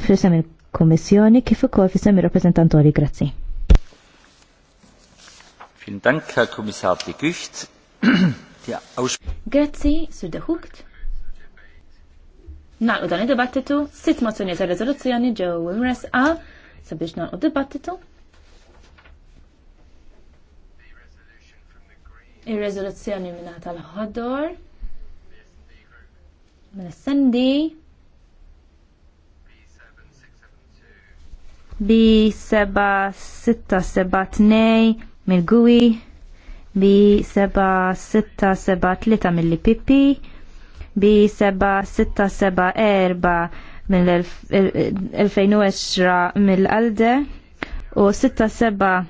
fisem il-Kommissjoni kif ukoll fisem il-Rappresentantori. Grazzi. Vielen Dank, Herr Kommissar de Gucht. Grazzi, Sur de Gucht. Naqlu dan id-dibattitu, sitt mozzjoni ta' rezoluzzjoni ġew imresqa sabiex naqlu dibattitu. Ir-rezoluzzjoni minna tal-ħodor, minn mela, sendi b seba, seba' sitta tnej mill-GUI, B7673 seba' seba' sitta mill Pipi, b seba' seba' sitta erba' mill-2010 mill-ALDE u sitta seba'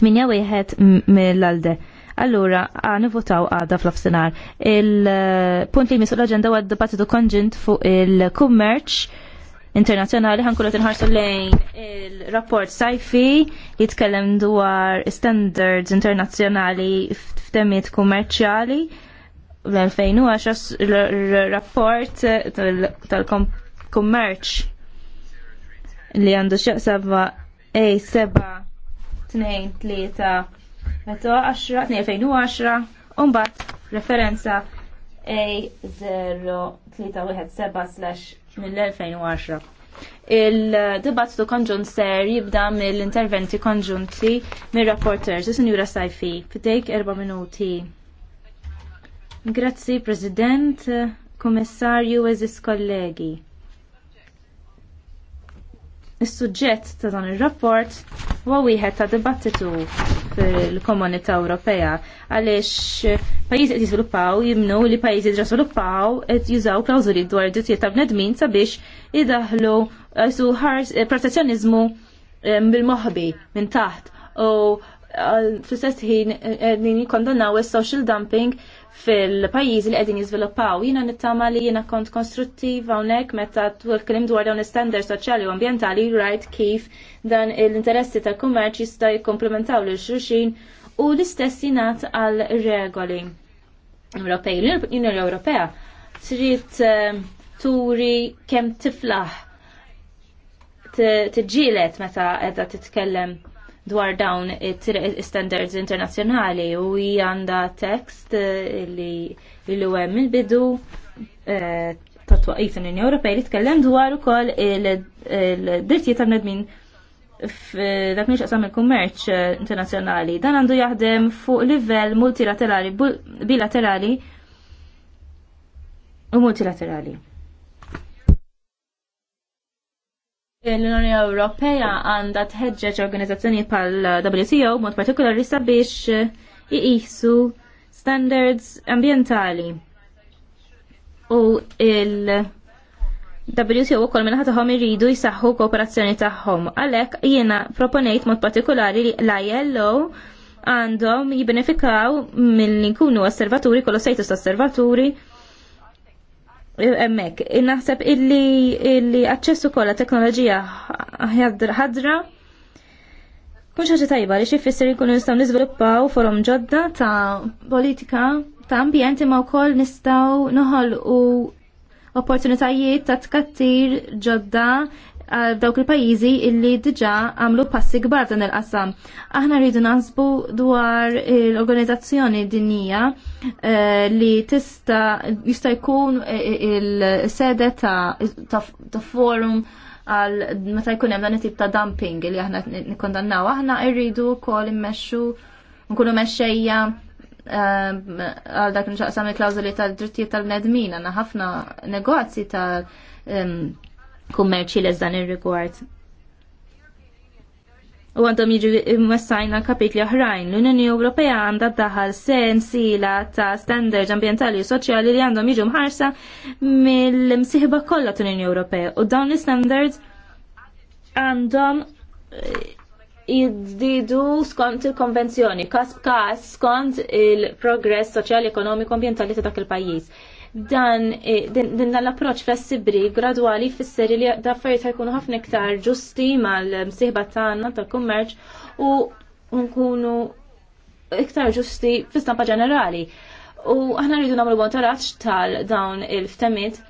wieħed mill-ALDE. Allura, għan votaw għada fl-ofsenar. Il-punt eh, li misu l-agenda għad dibattitu konġint fuq il-kummerċ internazzjonali ħankunu tinħarsu lejn il-rapport sajfi jitkellem dwar standards internazzjonali f'temiet kummerċjali l-2010 il-rapport tal-kummerċ li għandu xaqsaba A7 2-3 Meto 10-2010 Umbat referenza A0317 mill-2010. Il-dibattitu konġunt ser jibda mill-interventi konġunti mill-rapporters, il-Sinjura Sajfi, f'dejk erba minuti. Grazzi, President, Komissarju, eżis kollegi. Is-suġġett ta' dan ir-rapport huwa wieħed ta' dibattitu fil-Komunità Ewropea għaliex pajjiżi qed jiżviluppaw jimnu li pajjiżi ġra żviluppaw qed jużaw klawżuli dwar drittijiet ta' bnedmin sabiex idaħlu su protezzjoniżmu bil-moħbi minn taħt u eh, fl-istess ħin eh, jikkondannaw is-social dumping fil-pajjiżi li qegħdin jiżviluppaw. Jiena nittama li jiena kont konstruttiva hawnhekk meta tkellim dwar dawn standards soċjali u ambjentali rajt kif dan l-interessi tal-kummerċ jista' jikkomplementaw lil xulxin u l-istess jingħat għal regoli Ewropej. L-Unjoni Ewropea trid eh, turi kemm tiflaħ tiġġielet meta qiegħda titkellem dwar dawn standards internazzjonali u hija għandha tekst eh, li illu hemm il-bidu eh, ta' twaqif l-Unjoni Ewropej li tkellem dwar ukoll il-drittijiet tan-nedmin dak miex qasam il-kummerċ eh, internazzjonali. Dan għandu jaħdem fuq livell multilaterali, bilaterali u multilaterali. L-Unjoni Ewropea għandha tħeġġeġ organizzazzjoni pal WTO mod partikolari sabiex eh, iqisu standards ambientali. U il- WTO u kol minnaħat taħom irridu jisaxħu kooperazzjoni taħħom. Għalek jiena proponejt mod partikolari li l-ILO għandhom jibenefikaw mill-li kunu osservaturi, kollu sejtus osservaturi, emmek, naħseb illi illi aċċessu kolla teknoloġija ħadra kun xaġa tajba li xifissir jkunu nistaw nizviluppaw forum ġodda ta' politika ta' ambjent imma wkoll nistaw noħol u opportunitajiet ta' tkattir ġodda għal dawk il-pajjiżi illi diġà għamlu passi kbar dan il-qasam. Aħna rridu naħsbu dwar l-organizzazzjoni dinija eh, li tista jista' jkun eh, il-sede ta' forum għal meta jkun hemm dan it-tip ta' dumping li aħna nikkondannaw. Aħna rridu wkoll immexxu nkunu mexxejja eh, għal dak nċaqsam il-klawżoli tal-drittijiet tal-nedmin, għanna ħafna negozji tal- kummerċi l dan ir-rigward. U għandhom jiġi mwessajna kapitli oħrajn. L-Unjoni Ewropea għandha daħal sila ta' standards ambientali u soċjali li għandhom jiġu mħarsa mill-msiħba kollha tal-Unjoni Ewropea. U dawn l-standards għandhom eh, jiddidu skont il-konvenzjoni, kas kas skont il-progress soċjali, ekonomiku, ambientali ta' dak il-pajjiż dan din l-approċ flessibri gradwali fisser li daffariet ħajkunu ħafna iktar ġusti mal-msiħba tagħna tal-kummerċ u nkunu iktar ġusti fis stampa ġenerali. U aħna rridu nagħmlu monitoraġġ tal dawn il-ftemiet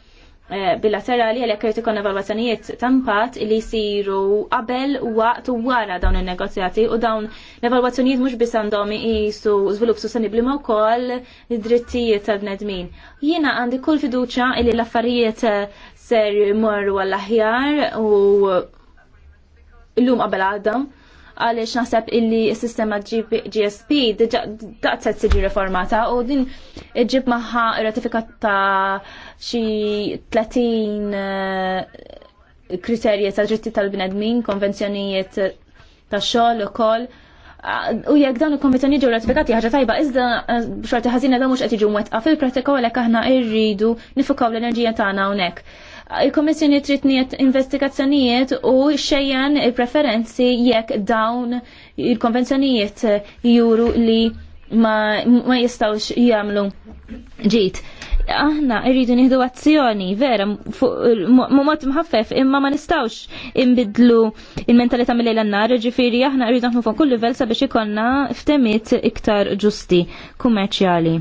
Eh, bilaterali għalhekk irid ikun evalwazzjonijiet ta' impatt li jsiru qabel waqt u wara dawn in-negozjati u dawn l-evalwazzjonijiet mhux biss għandhom zvilup żvilupp sostenibbli ma wkoll id-drittijiet tal-bnedmin. Jiena għandi kull fiduċa li l-affarijiet ser jmorru għall-aħjar u l-lum qabel għadhom għaliex naħseb illi s-sistema GSP daqset siġi reformata u din ġib maħħa ratifikat ta' xi 30 eh, kriterji ta' ġitti tal-bnedmin, konvenzjonijiet ta' xogħol ukoll. U jekk dawn il-konvenzjoni ġew ratifikati ħaġa tajba, iżda eh, xorti ħażina da mhux qed jiġu mwettqa fil-pratika għalhekk aħna rridu nifukaw l-enerġija tagħna hawnhekk il-Komissjoni trid investigazzjonijiet u xejjan il-preferenzi jekk dawn il-konvenzjonijiet juru li ma, ma jistawx jagħmlu ġit. Aħna rridu nieħdu azzjoni vera mod mħaffef imma ma nistawx imbidlu il-mentalità mill-lejl nar, ġifieri aħna rridu naħdmu fuq kull livell sabiex ikollna ftemiet iktar ġusti kummerċjali.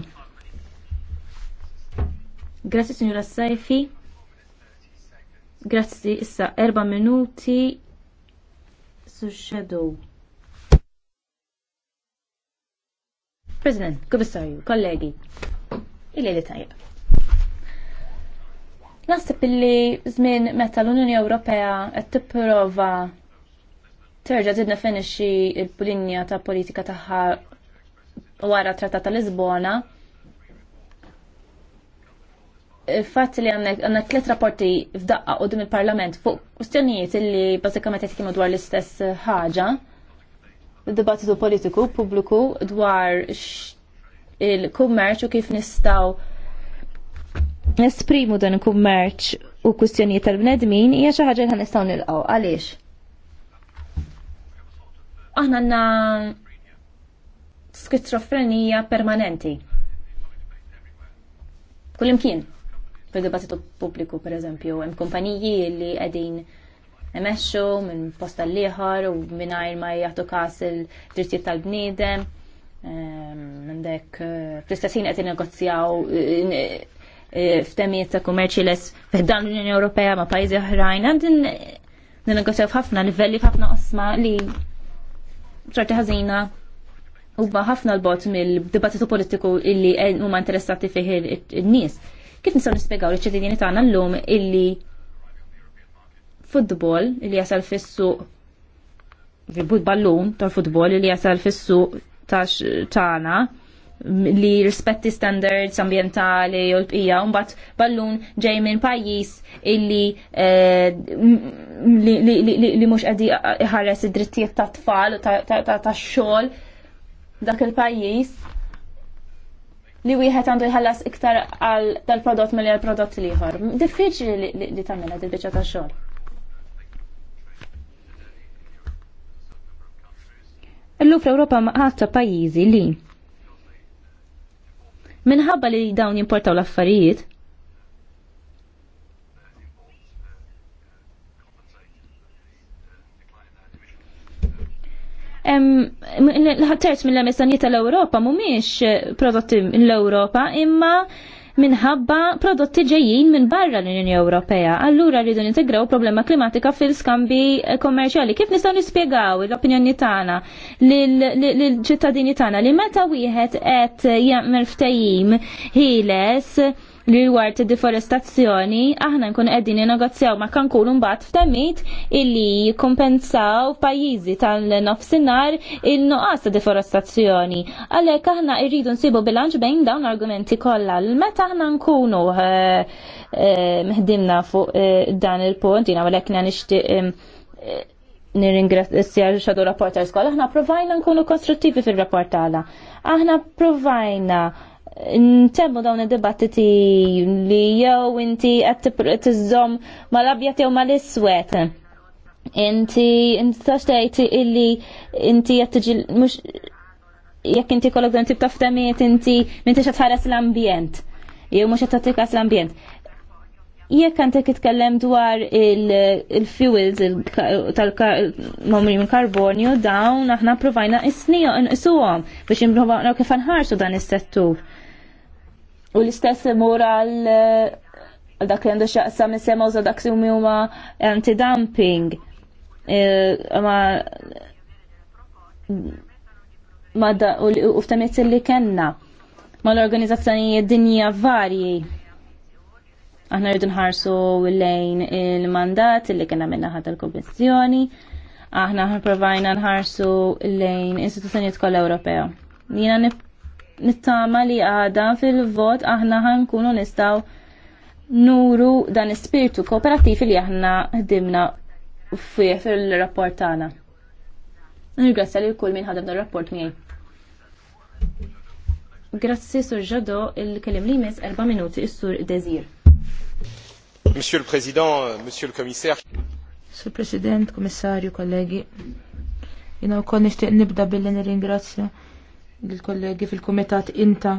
Grazie signora Saifi. Grazzi, issa erba minuti su shadow. President, Komissarju, kollegi, il-li tajjeb. Nasib li żmien meta l-Unjoni Ewropea qed tipprova terġa' tidna finixxi l-linja ta' politika tagħha wara Trattat ta' Lisbona, fatt li għannek tlet rapporti f'daqqa u dim il-parlament fuq kustjonijiet li bazzikament jett kienu dwar l-istess ħaġa, dibattitu politiku, publiku, dwar il-kummerċ u kif nistaw nesprimu dan il-kummerċ u kustjonijiet tal-bnedmin, hija xi ħaġa li nistaw nilqgħu. Għaliex? Aħna għandna skizofrenija permanenti. Kullimkien fil-dibattitu pubbliku per eżempju, hemm kumpaniji li qegħdin emesxu minn posta l-ieħor u mingħajr ma jagħtu każ il-drittijiet tal-bniedem. Ehm, għandek eh, fl-istessin qed innegozjaw eh, eh, f'temijiet ta' kummerċi les f'dan l-Unjoni Ewropea ma' pajjiżi oħrajn għandin ninegozjaw f'ħafna livelli f'ħafna qosma li ċerti ħażina u ħafna l-bot mill-dibattitu politiku illi huma interessati fih in-nies. Kif nistgħu nispjegaw liċ-ċittadini tagħna llum illi futbol li jasal fis-suq ribut ballun tal-futbol illi jasal fis-suq tagħna li rispetti standards ambientali u l-bqija, mbagħad ballun ġej minn pajjiż illi eh, li mhux qed iħares id-drittijiet tat-tfal u tax-xogħol dak il-pajjiż li wieħed għandu jħallas iktar għal tal prodott mill għal prodott liħor. Diffiċli li tamela di bieċa ta' xogħol. Illu fl-Ewropa ħatta pajjiżi li minħabba li dawn jimportaw l-affarijiet l-ħatterċ mill-emissjonijiet tal-Ewropa mhumiex eh, prodotti l-Ewropa imma minħabba prodotti ġejjin minn barra l-Unjoni Ewropea. Allura rridu nintegraw problema klimatika fil-skambi eh, kommerċjali. Kif nistgħu nispjegaw l-opinjoni tagħna lill-ċittadini tagħna li meta wieħed qed jagħmel ftehim ħieles li rigward id-deforestazzjoni aħna nkun qegħdin negozjaw ma' Cancun mbagħad f'temmit illi jikkumpensaw pajjiżi tal-nofsinhar il-nuqqas ta' deforestazzjoni. Għalhekk aħna rridu nsibu bilanċ bejn dawn l-argumenti kollha. Meta aħna nkunu eh, eh, meħdimna fuq eh, dan il-punt jiena għalhekk nixtieq nir xadu rapporter skola, aħna provajna nkunu konstruttivi fil-rapport tagħna. Aħna provajna ntemmu dawn id-dibattiti li jew inti qed tiżżomm mal-abjad jew mal-iswed. Inti intax tgħid illi inti qed tiġi mhux jekk inti kollok dan tip ta' ftemiet inti m'intix qed tħares l-ambjent. Jew mhux qed tattikas l-ambjent jekk għandek titkellem dwar il-fuels tal-mamri minn karbonju dawn aħna provajna isnijom nqisuhom biex improvaw kif nħarsu dan is-settur. U l-istess imur għal dak li għandu xaqsa sema użad dak li huma anti-dumping. E, ma ma da u ftamiet li kenna ma l-organizzazzjonijiet dinja varji. Aħna rridu nħarsu lejn il-mandat li kena minna ħad il kommissjoni Aħna ħarprovajna nħarsu lejn istituzzjonijiet kollha Ewropea. Jiena nittama li għada fil-vot aħna ħankunu nistaw nuru dan ispirtu kooperativ li aħna ħdimna fih fil-rapport tagħna. Nirgrazzja li kull min ħadem dar-rapport miegħi. Grazzi Sur Ġado il-kelim li mis erba' minuti is-Sur Dezir. Monsieur le Président, euh, Monsieur le Commissaire. Sur President, Kommissarju, kollegi, jina u koll nishtiq nibda billi nirringrazzja lill kollegi fil-Kumitat Inta,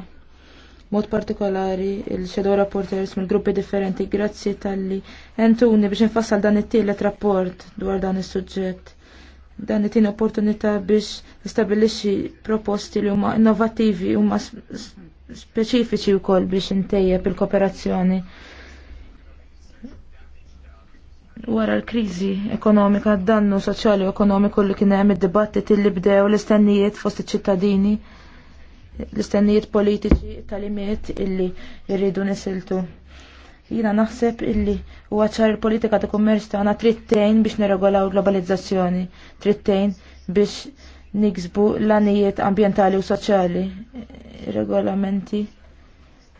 mod partikolari il-Shadow Rapporters mill-gruppi differenti, grazzi tal-li entuni biex nfassal dan it-tielet rapport dwar dan is-suġġett. Dan it tieni opportunità biex nistabilixxi proposti li huma innovattivi huma speċifiċi wkoll biex intejjeb il-kooperazzjoni wara l-kriżi ekonomika, d dannu soċjali u ekonomiku li kien hemm id-dibattit li bdew l-istennijiet fost iċ-ċittadini, l-istennijiet politiċi tal-imiet illi jridu nisiltu. Jina naħseb illi huwa ċar il-politika ta' kummerċ tagħna trittejn biex neregolaw globalizzazzjoni, trittejn biex niksbu l-anijiet ambientali u soċjali, regolamenti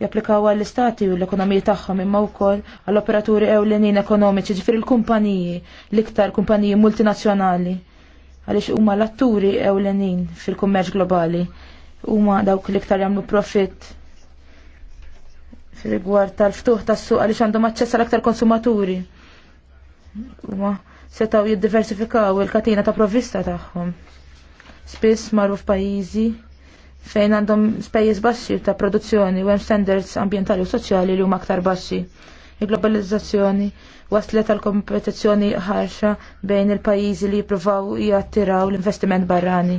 japplikaw għall-istati u l-ekonomiji tagħhom imma wkoll għall-operaturi ewlenin ekonomiċi ġifier il-kumpaniji l-iktar kumpaniji multinazzjonali għaliex huma l-atturi ewlenin fil-kummerċ globali huma dawk l-iktar jagħmlu profitt fil-rigward tal-ftuħ tas-suq għaliex għandhom aċċess għall aktar konsumaturi. Huma setgħu jiddiversifikaw il-katina ta' provvista tagħhom. Spiss marru f'pajjiżi fejn għandhom spejjeż baxxi ta' produzzjoni u hemm standards ambjentali u soċjali li huma aktar baxxi. Il-globalizzazzjoni waslet għal kompetizzjoni ħarxa bejn il-pajjiżi li jippruvaw jattiraw l-investiment barrani.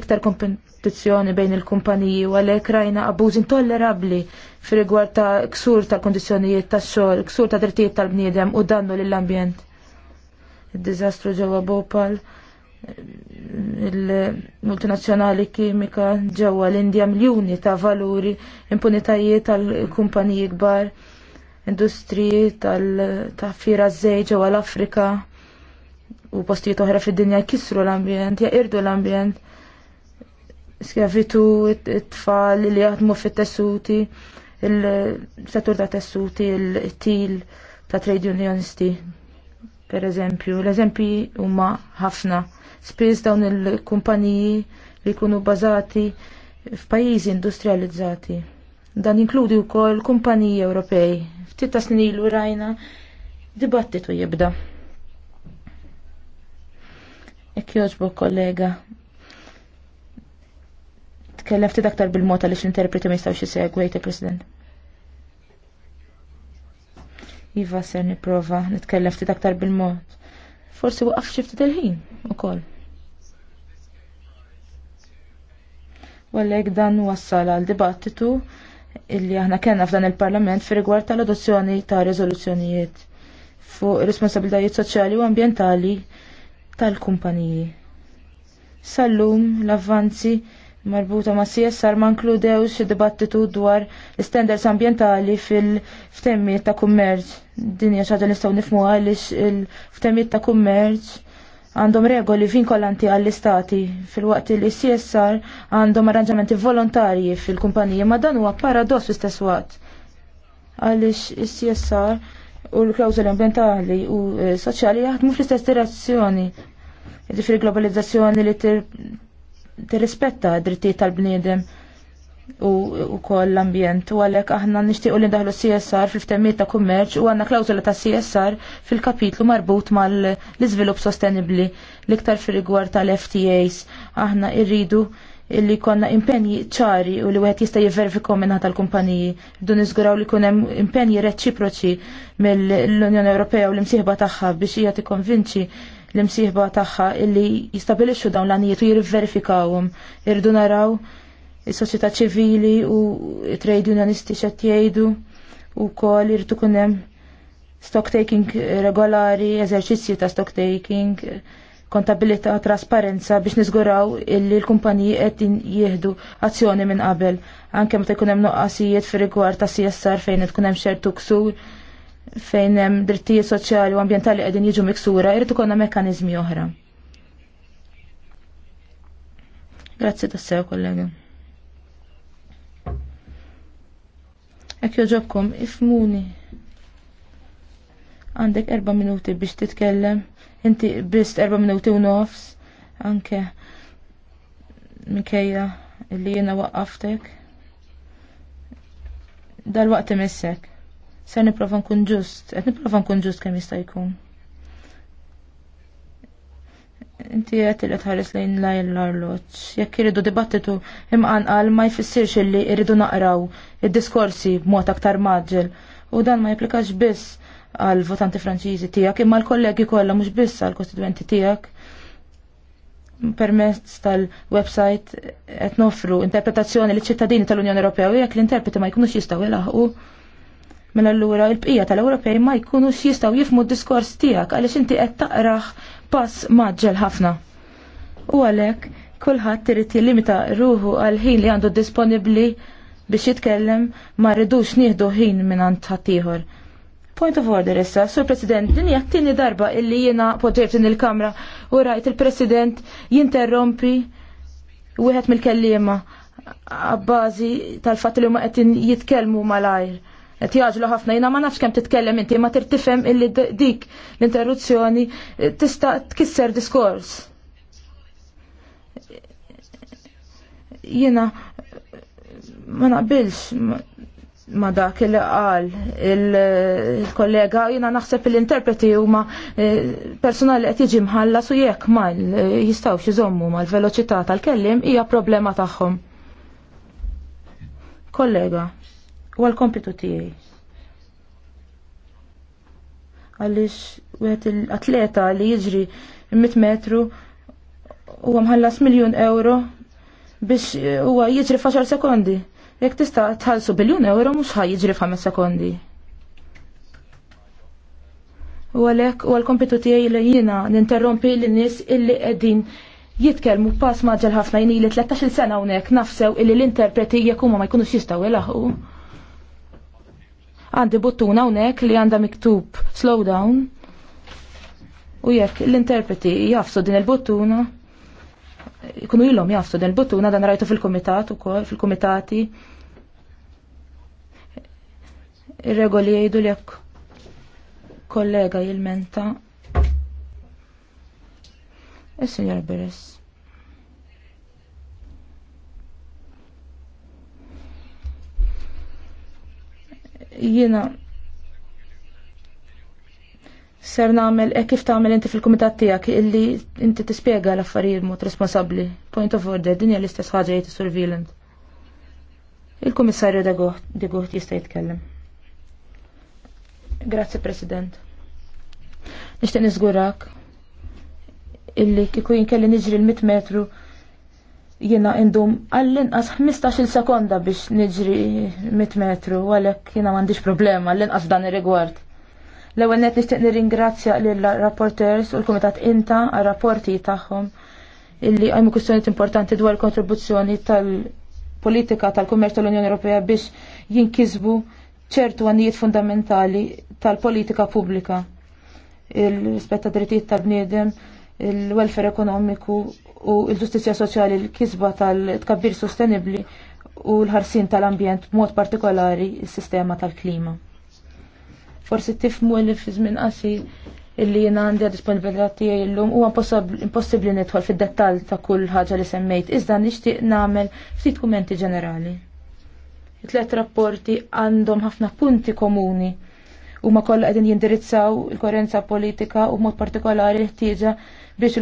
Iktar kompetizzjoni bejn il-kumpaniji u għalhekk rajna abbuż intollerabbli fir-rigward ta' ksur tal-kondizzjonijiet tax-xogħol, ksur ta' drittijiet tal-bniedem u dannu lill-ambjent. Id-diżastru ġewwa Bhopal il-multinazzjonali kimika ġewwa l-Indja miljuni ta' valuri, impunitajiet tal-kumpaniji kbar, industriji tal fira żej ġewwa l-Afrika u postijiet oħra fid-dinja jkissru l-ambjent, jaqirdu l-ambjent, skjavitu it-tfal li jaħdmu fit-tessuti, il-settur ta' tessuti, il-til ta' trade unionisti, per eżempju. L-eżempji huma ħafna Spiss dawn il-kumpaniji li jkunu bazati f'pajjiżi industrializzati. Dan inkludi wkoll kumpaniji Ewropej. Ftit ta' snin ilu rajna dibattitu jibda. Ek joġbu kollega. Tkellem ftit aktar bil-mota li l-interpreti ma jistgħux jisegwejt il-President. Iva ser niprofa nitkellem ftit aktar bil-mod. Forsi waqaf xi ftit il-ħin ukoll. U għalhekk dan wassal għal dibattitu illi aħna kellna f'dan il-Parlament fi rigward tal-adozzjoni ta' riżoluzzjonijiet fuq ir soċjali u ambjentali tal-kumpaniji. Sallum l-avvanzi marbuta ma' CSR ma' nkludewx dibattitu dwar standards ambjentali fil-ftemmiet ta' kummerċ. Dinja xaġa nistgħu nifmu għaliex il-ftemmiet ta' kummerċ għandhom regoli vinkolanti għall-istati fil-waqt li CSR għandhom arranġamenti volontarji fil kumpanija ma dan huwa paradoss fl-istess waqt. Għaliex is-CSR u l-klawżoli ambientali u eh, soċjali jaħdmu fl-istess direzzjoni. Jiġifieri globalizzazzjoni li tirrispetta d-drittijiet tal-bniedem u wkoll l-ambjent u għalhekk aħna nixtiequ li ndaħlu CSR fil-ftemiet ta' kummerċ u għandna klawżola ta' CSR fil-kapitlu marbut mal-iżvilupp sostenibbli l-iktar fil rigward tal-FTAs. Aħna rridu illi konna impenji ċari u li wieħed jista' jivverifikom minn tal-kumpaniji. Dun niżguraw li kun hemm impenji reċiproċi mill-Unjoni Ewropea u l-imsieħba tagħha biex hija tikkonvinċi l-imsieħba tagħha illi jistabilixxu dawn l-għanijiet u jirriverfikawhom. Irdu naraw is-soċjetà ċivili u trade unionisti xed jgħidu wkoll irid ikun hemm stock taking regolari, eżerċizzji ta' stock taking, kontabilità, trasparenza biex niżguraw illi l-kumpaniji qed jieħdu azzjoni minn qabel. Anke meta jkun hemm noqqasijiet fir-rigward ta' CSR fejn tkun hemm xertu ksur fejn hemm drittijiet soċjali u ambjentali qegħdin jiġu miksura, irid ikollna mekkaniżmi oħra. Grazzi tassew, kollega. Ek joġobkom, ifmuni. Għandek erba minuti biex titkellem, inti biss erba minuti u nofs, anke minkejja li jena waqqaftek. Dal-waqt imissek. Ser niprofa nkun ġust, qed niprofa nkun ġust kemm jista' jkun. Inti għet li tħares lejn lajn l arloċ Jekk jiridu dibattitu għal ma jfissirx illi jiridu naqraw id-diskorsi b'mod aktar maġġel. U dan ma jiplikax biss għal votanti Franċiżi tiegħek imma l-kollegi kollha mhux biss għal kostituenti tiegħek permezz tal-website qed nofru interpretazzjoni li ċittadini tal-Unjoni Ewropea u jekk l-interpreti ma jkunux jistgħu jelaħu mela allura l-bqija tal-Ewropej ma jkunux jistgħu jifmu d-diskors tiegħek għaliex inti qed taqraħ pass maġġel ħafna. U għalek, kullħat trid limita ruħu għal ħin li għandu disponibli biex jitkellem ma rridux nieħdu ħin minn għand ħaddieħor. Point of order issa, sur President, din hija t-tieni darba illi jiena poġġejt din il-Kamra u rajt il-President jinterrompi wieħed mill-kelliema għabbażi tal-fatt li huma qed jitkellmu malajr qed jaġlu ħafna jiena ma nafx kemm titkellem inti ma tirtifhem illi dik l-interruzzjoni eh, tista' tkisser diskors. Jiena eh, ma naqbilx ma dak il qal il-kollega jiena naħseb l-interpreti huma eh, personali qed jiġi mħalla su jekk ma jistgħux iżommu mal-veloċità tal-kellim hija problema tagħhom. Kollega. U għal kompitu tiegħi. Għaliex wieħed l-atleta li jiġri 100 metru huwa mħallas miljun euro biex huwa eh, jiġri f'għaxar sekondi. Jekk tista' tħallsu biljun euro mhux ħaj jiġri f'ħames sekondi. U għalhekk u għal kompitu tiegħi li jiena ninterrompi lin-nies illi qegħdin jitkelmu pass maġġel ħafna jini li 13 sena unek nafsew illi l-interpreti jekuma ma jkunux jistaw ilaħu għandi buttuna hawnhekk li għandha miktub slow down u jekk l-interpreti jafsu din il-buttuna ikunu ilhom jafsu din il-buttuna dan rajtu fil-kumitat ukoll fil-kumitati ir-regoli jgħidu li jekk kollega jilmenta. Is-Sinjor Beres. Jiena ser nagħmel hekk kif tagħmel inti fil-kumitat tiegħek illi inti tispjega l-affarijiet mod responsabbli. Point of order, din hija l-istess ħaġa jgħid surveillant. Il-Kummissarju de Gucht jista' jitkellem. Grazzi President. Nixtieq nizgurak illi kieku jinkelli niġri l-100 metru jiena indum għall-inqas 15 sekonda biex niġri 100 metru, għalek jiena mandiġ problema għall-inqas dan ir-rigward. L-ewwel net nixtieq nirringrazzja lill-rapporters u l-kumitat inta għar-rapporti tagħhom illi għajmu kwistjoniet importanti dwar kontribuzzjoni tal-politika tal-kummerċ tal-Unjoni Ewropea biex jinkisbu ċertu għannijiet fundamentali tal-politika pubblika. Il-rispett drittijiet tal-bniedem, il-welfare ekonomiku, u l-ġustizja soċjali l-kisba tal-tkabbir sostenibli u l-ħarsin tal-ambjent b'mod partikolari s-sistema tal-klima. Forsi tifmu li fi żmien qasi illi jena għandi disponibilità tiegħi llum huwa impossibbli nidħol fid-dettall ta' kull ħaġa li semmejt, iżda nixtieq nagħmel ftit kumenti ġenerali. It-tlet rapporti għandhom ħafna punti komuni u ma kollha qegħdin jindirizzaw il korenza politika u mod partikolari l-ħtieġa biex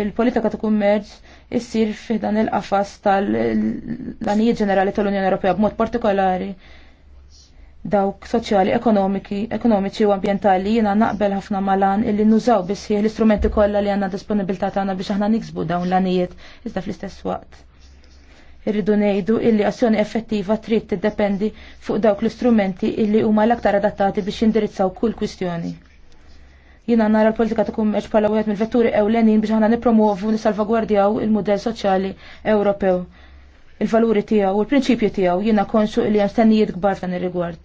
il-politika ta' kummerċ issir fih dan il-qafas tal-lanijiet ġenerali tal-Unjoni Ewropea b'mod partikolari dawk soċjali, ekonomiki, ekonomiċi u ambientali jiena naqbel ħafna malan illi nużaw bisħieħ l-istrumenti kollha li għandna disponibilità tagħna biex aħna niksbu dawn l għanijiet iżda fl-istess waqt. Irridu ngħidu illi azzjoni effettiva trid tiddependi fuq dawk l-istrumenti illi huma l-aktar adattati biex jindirizzaw kull kwistjoni. Jina nara l-politika ta' kummerċ bħala wieħed mill-vetturi ewlenin biex aħna nippromovu nisalvagwardjaw il-mudell soċjali Ewropew. Il-valuri tiegħu u l-prinċipji tiegħu jiena konxu li hemm stennijiet kbar f'dan ir-rigward.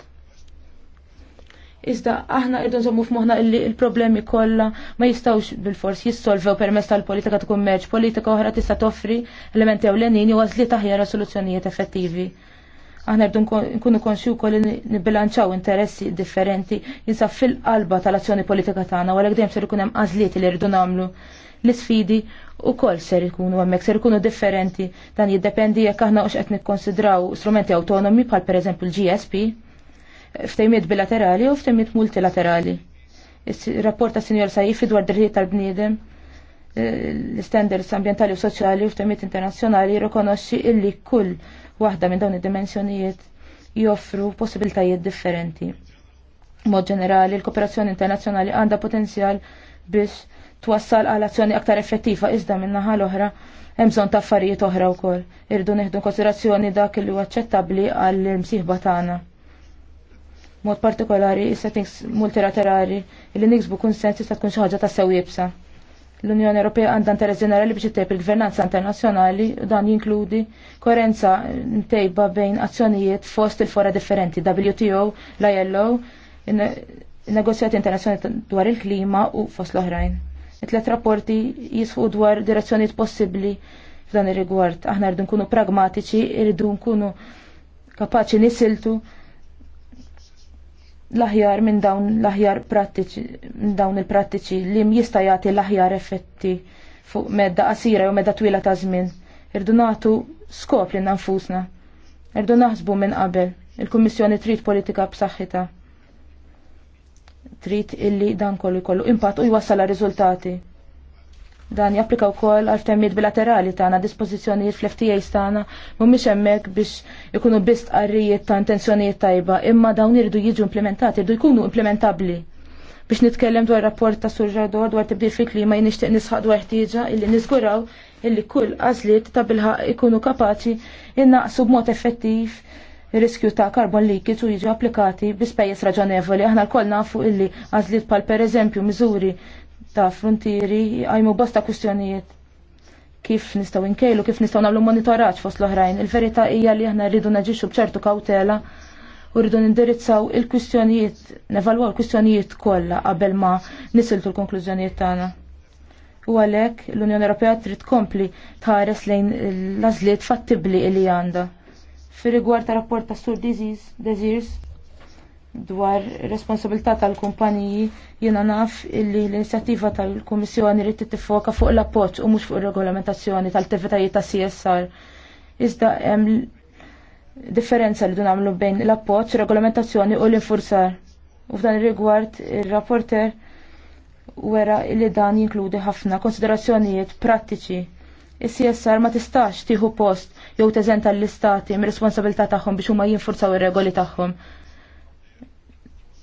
Iżda aħna irdu nżommu f'moħħna li l-problemi kollha ma jistgħux bil-fors jissolvew permezz tal-politika ta' kummerċ, politika oħra tista' toffri elementi ewlenin jew għażliet aħjar soluzzjonijiet effettivi. Aħna rridu nkunu konxju wkoll nibbilanċaw interessi differenti jinsa fil-qalba tal-azzjoni politika tagħna għalhekk għdejjem ser ikun hemm għażliet li rridu nagħmlu l-isfidi kol ser ikunu hemmhekk ser ikunu differenti dan jiddependi jekk aħna hux qed nikkonsidraw strumenti awtonomi bħal pereżempju l-GSP ftejmiet bilaterali u ftejmiet multilaterali. Is-rapport ta' Sinjor Sajif dwar drittijiet tal-bniedem l-standards ambientali u soċjali u f'temiet internazzjonali jirrikonoxxi illi kull waħda minn dawn id-dimensjonijiet joffru possibiltajiet differenti. Mod ġenerali, l-kooperazzjoni internazzjonali għandha potenzjal biex twassal għal azzjoni aktar effettiva iżda min-naħa l-oħra hemm bżonn ta' affarijiet oħra wkoll. Irdu neħdu konsiderazzjoni dak li huwa aċċettabbli għall msieħba tagħna. Mod partikolari is-settings multilaterali li niksbu kunsensi tista' tkun xi ħaġa ta' sewwiebsa. L-Unjoni Ewropea għandha interess ġenerali biex ittejb il-gvernanza internazzjonali u dan jinkludi koerenza ntejba bejn azzjonijiet fost il-fora differenti WTO, l-ILO, negozjati internazzjonali dwar il-klima u fost l-oħrajn. It-tlet rapporti jisfu dwar direzzjonijiet possibbli f'dan ir-rigward. Aħna rridu nkunu pragmatiċi, rridu nkunu kapaċi nisiltu l-aħjar minn dawn l-aħjar prattiċi, minn dawn il-prattiċi li jista' jagħti l-aħjar effetti fuq medda qasira jew medda twila ta' żmien. Irdu nagħtu skop li nfusna. Irdu naħsbu minn qabel. Il-Kummissjoni trid politika b'saħħitha. Trid illi dan kollu jkollu impatt u jwassal riżultati. Dan japplika wkoll għal temmiet bilaterali tagħna dispozizjoni fl-FTAs tagħna mhumiex hemmhekk biex ikunu biss għarrijiet ta' intenzjonijiet tajba, imma dawn iridu jiġu implementati, irdu jkunu implementabbli. Biex nitkellem dwar rapport ta' Sur dwar tibdil fil-klima jien nixtieq nisħaq dwar ħtieġa illi niżguraw illi kull għażliet ta' bilħa ikunu kapaċi innaqsu b'mod effettiv riskju ta' karbon leakage u jiġu applikati bi spejjeż raġonevoli. Aħna l-koll nafu illi għazliet pal per eżempju miżuri ta' frontieri għajmu bosta kustjonijiet kif nistaw inkejlu, kif nistaw nagħmlu monitoraġġ fost l-oħrajn. Il-verità hija li aħna rridu naġixxu bċertu kawtela u rridu nindirizzaw il-kwistjonijiet, nevalwaw il-kwistjonijiet kollha qabel ma nisiltu l-konklużjonijiet tagħna. U għalhekk l-Unjoni Ewropea trid tkompli tħares lejn l-għażliet fattibbli li għandha. Fi rigward ta' rapport ta' Sur Disease, Desires, dwar responsabilità tal-kumpaniji jiena naf illi l-inizjattiva tal-Kummissjoni rrid tiffoka fuq l-appoġġ u mhux fuq ir-regolamentazzjoni tal-attivitajiet ta' CSR. Iżda hemm differenza li nagħmlu bejn l-appoġġ, regolamentazzjoni u l-infurzar. U f'dan ir-rigward ir-rapporter wera li dan jinkludi ħafna konsiderazzjonijiet prattiċi is-CSR ma tistax tieħu post jew teżenta l-istati mir-responsabilità tagħhom biex huma jinfurzaw ir-regoli tagħhom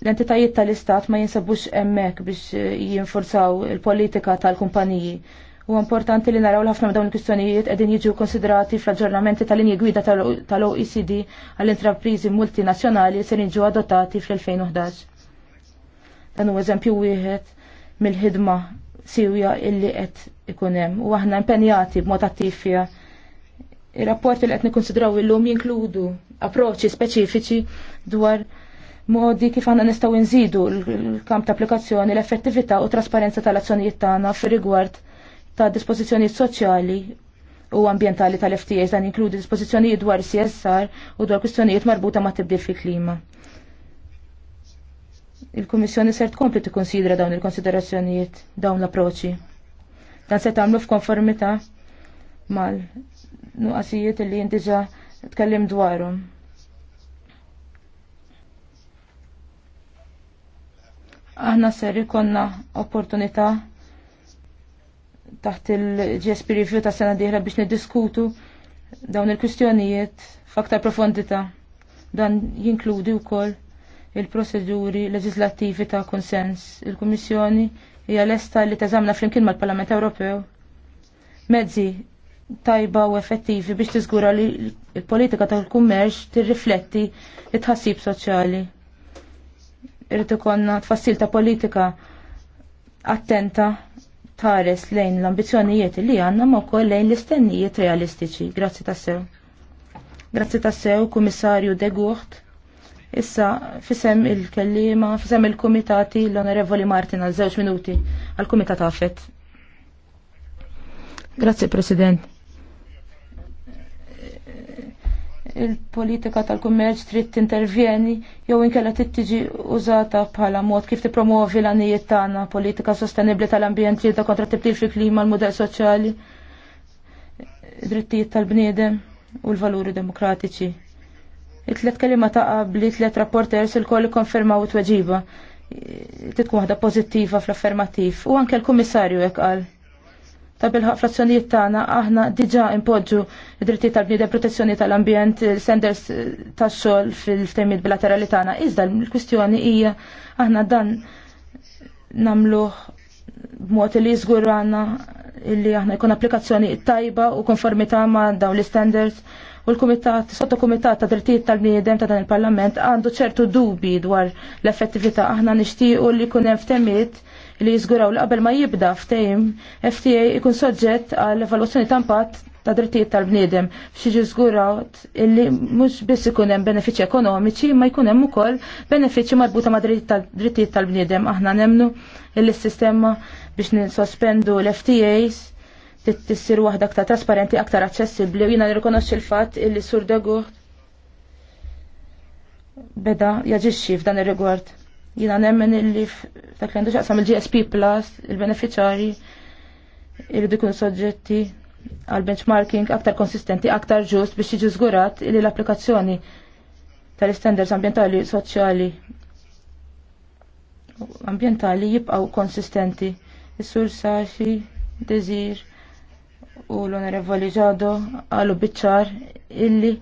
l-entitajiet tal-istat ma jinsabux emmek biex eh, jinforzaw il-politika tal-kumpaniji. U importanti li naraw l-ħafna dawn il-kwistjonijiet qegħdin jiġu konsiderati fl-aġġornamenti tal-linji gwida tal-OECD għall-intrapriżi multinazzjonali se jiġu adottati fl-2011. Dan huwa eżempju wieħed mill-ħidma siwja illi qed ikun hemm u aħna impenjati b'mod attiv fiha. Ir-rapporti li qed nikkonsidraw illum jinkludu approċċi speċifiċi dwar modi kif għanna nistaw nżidu l-kamp ta' applikazzjoni l-effettività u trasparenza tal-azzjonijiet tagħna fir-rigward ta' dispożizzjonijiet soċjali u ambientali tal-FTAs dan jinkludi dispożizzjonijiet dwar CSR u dwar kwistjonijiet marbuta ma' tibdil fil-klima. Il-Kummissjoni ser tkompli tikkonsidra dawn il-konsiderazzjonijiet dawn l-approċċi. Dan se tagħmlu f'konformità mal nuqasijiet li jindiġa tkellim dwarhom. Aħna ser ikonna opportunità taħt il-GSP review ta' sena diħra biex niddiskutu dawn il kustjonijiet f'aktar profondità. Dan jinkludi wkoll il-proseduri leġislattivi ta' konsens. Il-Kummissjoni hija lesta li teżamna flimkien mal-Parlament Ewropew mezzi tajba u effettivi biex tiżgura li l-politika tal-kummerċ tirrifletti it-ħassib soċjali irrid ikonna tfassil ta' politika attenta tares lejn l-ambizjonijiet li għandna ma' wkoll lejn l-istennijiet realistiċi. Grazzi sew. Grazzi sew, Kummissarju De Gucht. Issa, fisem il-kellima, fisem il-komitati l-Onorevoli Martin għal żewġ minuti għal-komitat għafet. Grazzi President. il-politika tal-kummerċ trid intervjeni jew inkella trid tiġi użata bħala mod kif tippromovi l-għanijiet tagħna, politika sostenibbli tal-ambjent li kontra tibtil fil-klima, l-mudell soċjali, drittijiet tal-bniedem u l-valuri demokratiċi. it tliet kelima ta' qabli tliet rapporters il-koll konfermaw it-tweġiba. Titkun waħda pożittiva fl-affermattiv u anke l-kummissarju jekk qal ta' bil-frazzjonijiet tagħna aħna diġà impoġġu id-dritti tal-bniedem protezzjoni tal-ambjent senders eh, tax-xogħol fil-ftehmiet bilaterali tagħna. Iżda l-kwistjoni hija aħna dan nagħmluh b'mod li jiżgurana illi aħna jkun applikazzjoni tajba u konformità ma' dawn l-standards u l-kumitat, sottokumitat ta' drittijiet tal-bniedem ta' dan il-Parlament għandu ċertu dubi dwar l-effettività aħna nixtiequ li jkun hemm ftehmiet li jiżguraw li qabel ma jibda ftehim FTA ikun soġġett għal evalwazzjoni ta' impatt ta' drittijiet tal-bniedem biex jiġi żguraw illi mhux biss ikun hemm benefiċċji ekonomiċi ma jkun hemm ukoll benefiċċji marbuta ma' drittijiet tal-bniedem aħna nemnu illi s-sistema biex nisospendu l-FTAs tissir waħda aktar trasparenti, aktar aċċessibbli u jiena nirrikonoxxi l-fatt illi sur degu beda jaġixxi f'dan ir-rigward. Jina nemmen illi f'dak li xaqsam il-GSP Plus, il-beneficjari, irridu jkunu soġġetti għal benchmarking aktar konsistenti, aktar ġust biex jiġi żgurat li l-applikazzjoni tal-standards ambientali, soċjali, ambientali jibqaw konsistenti. Is-sur Saxi, Dezir u l-Onorevoli Ġado għalu biċċar illi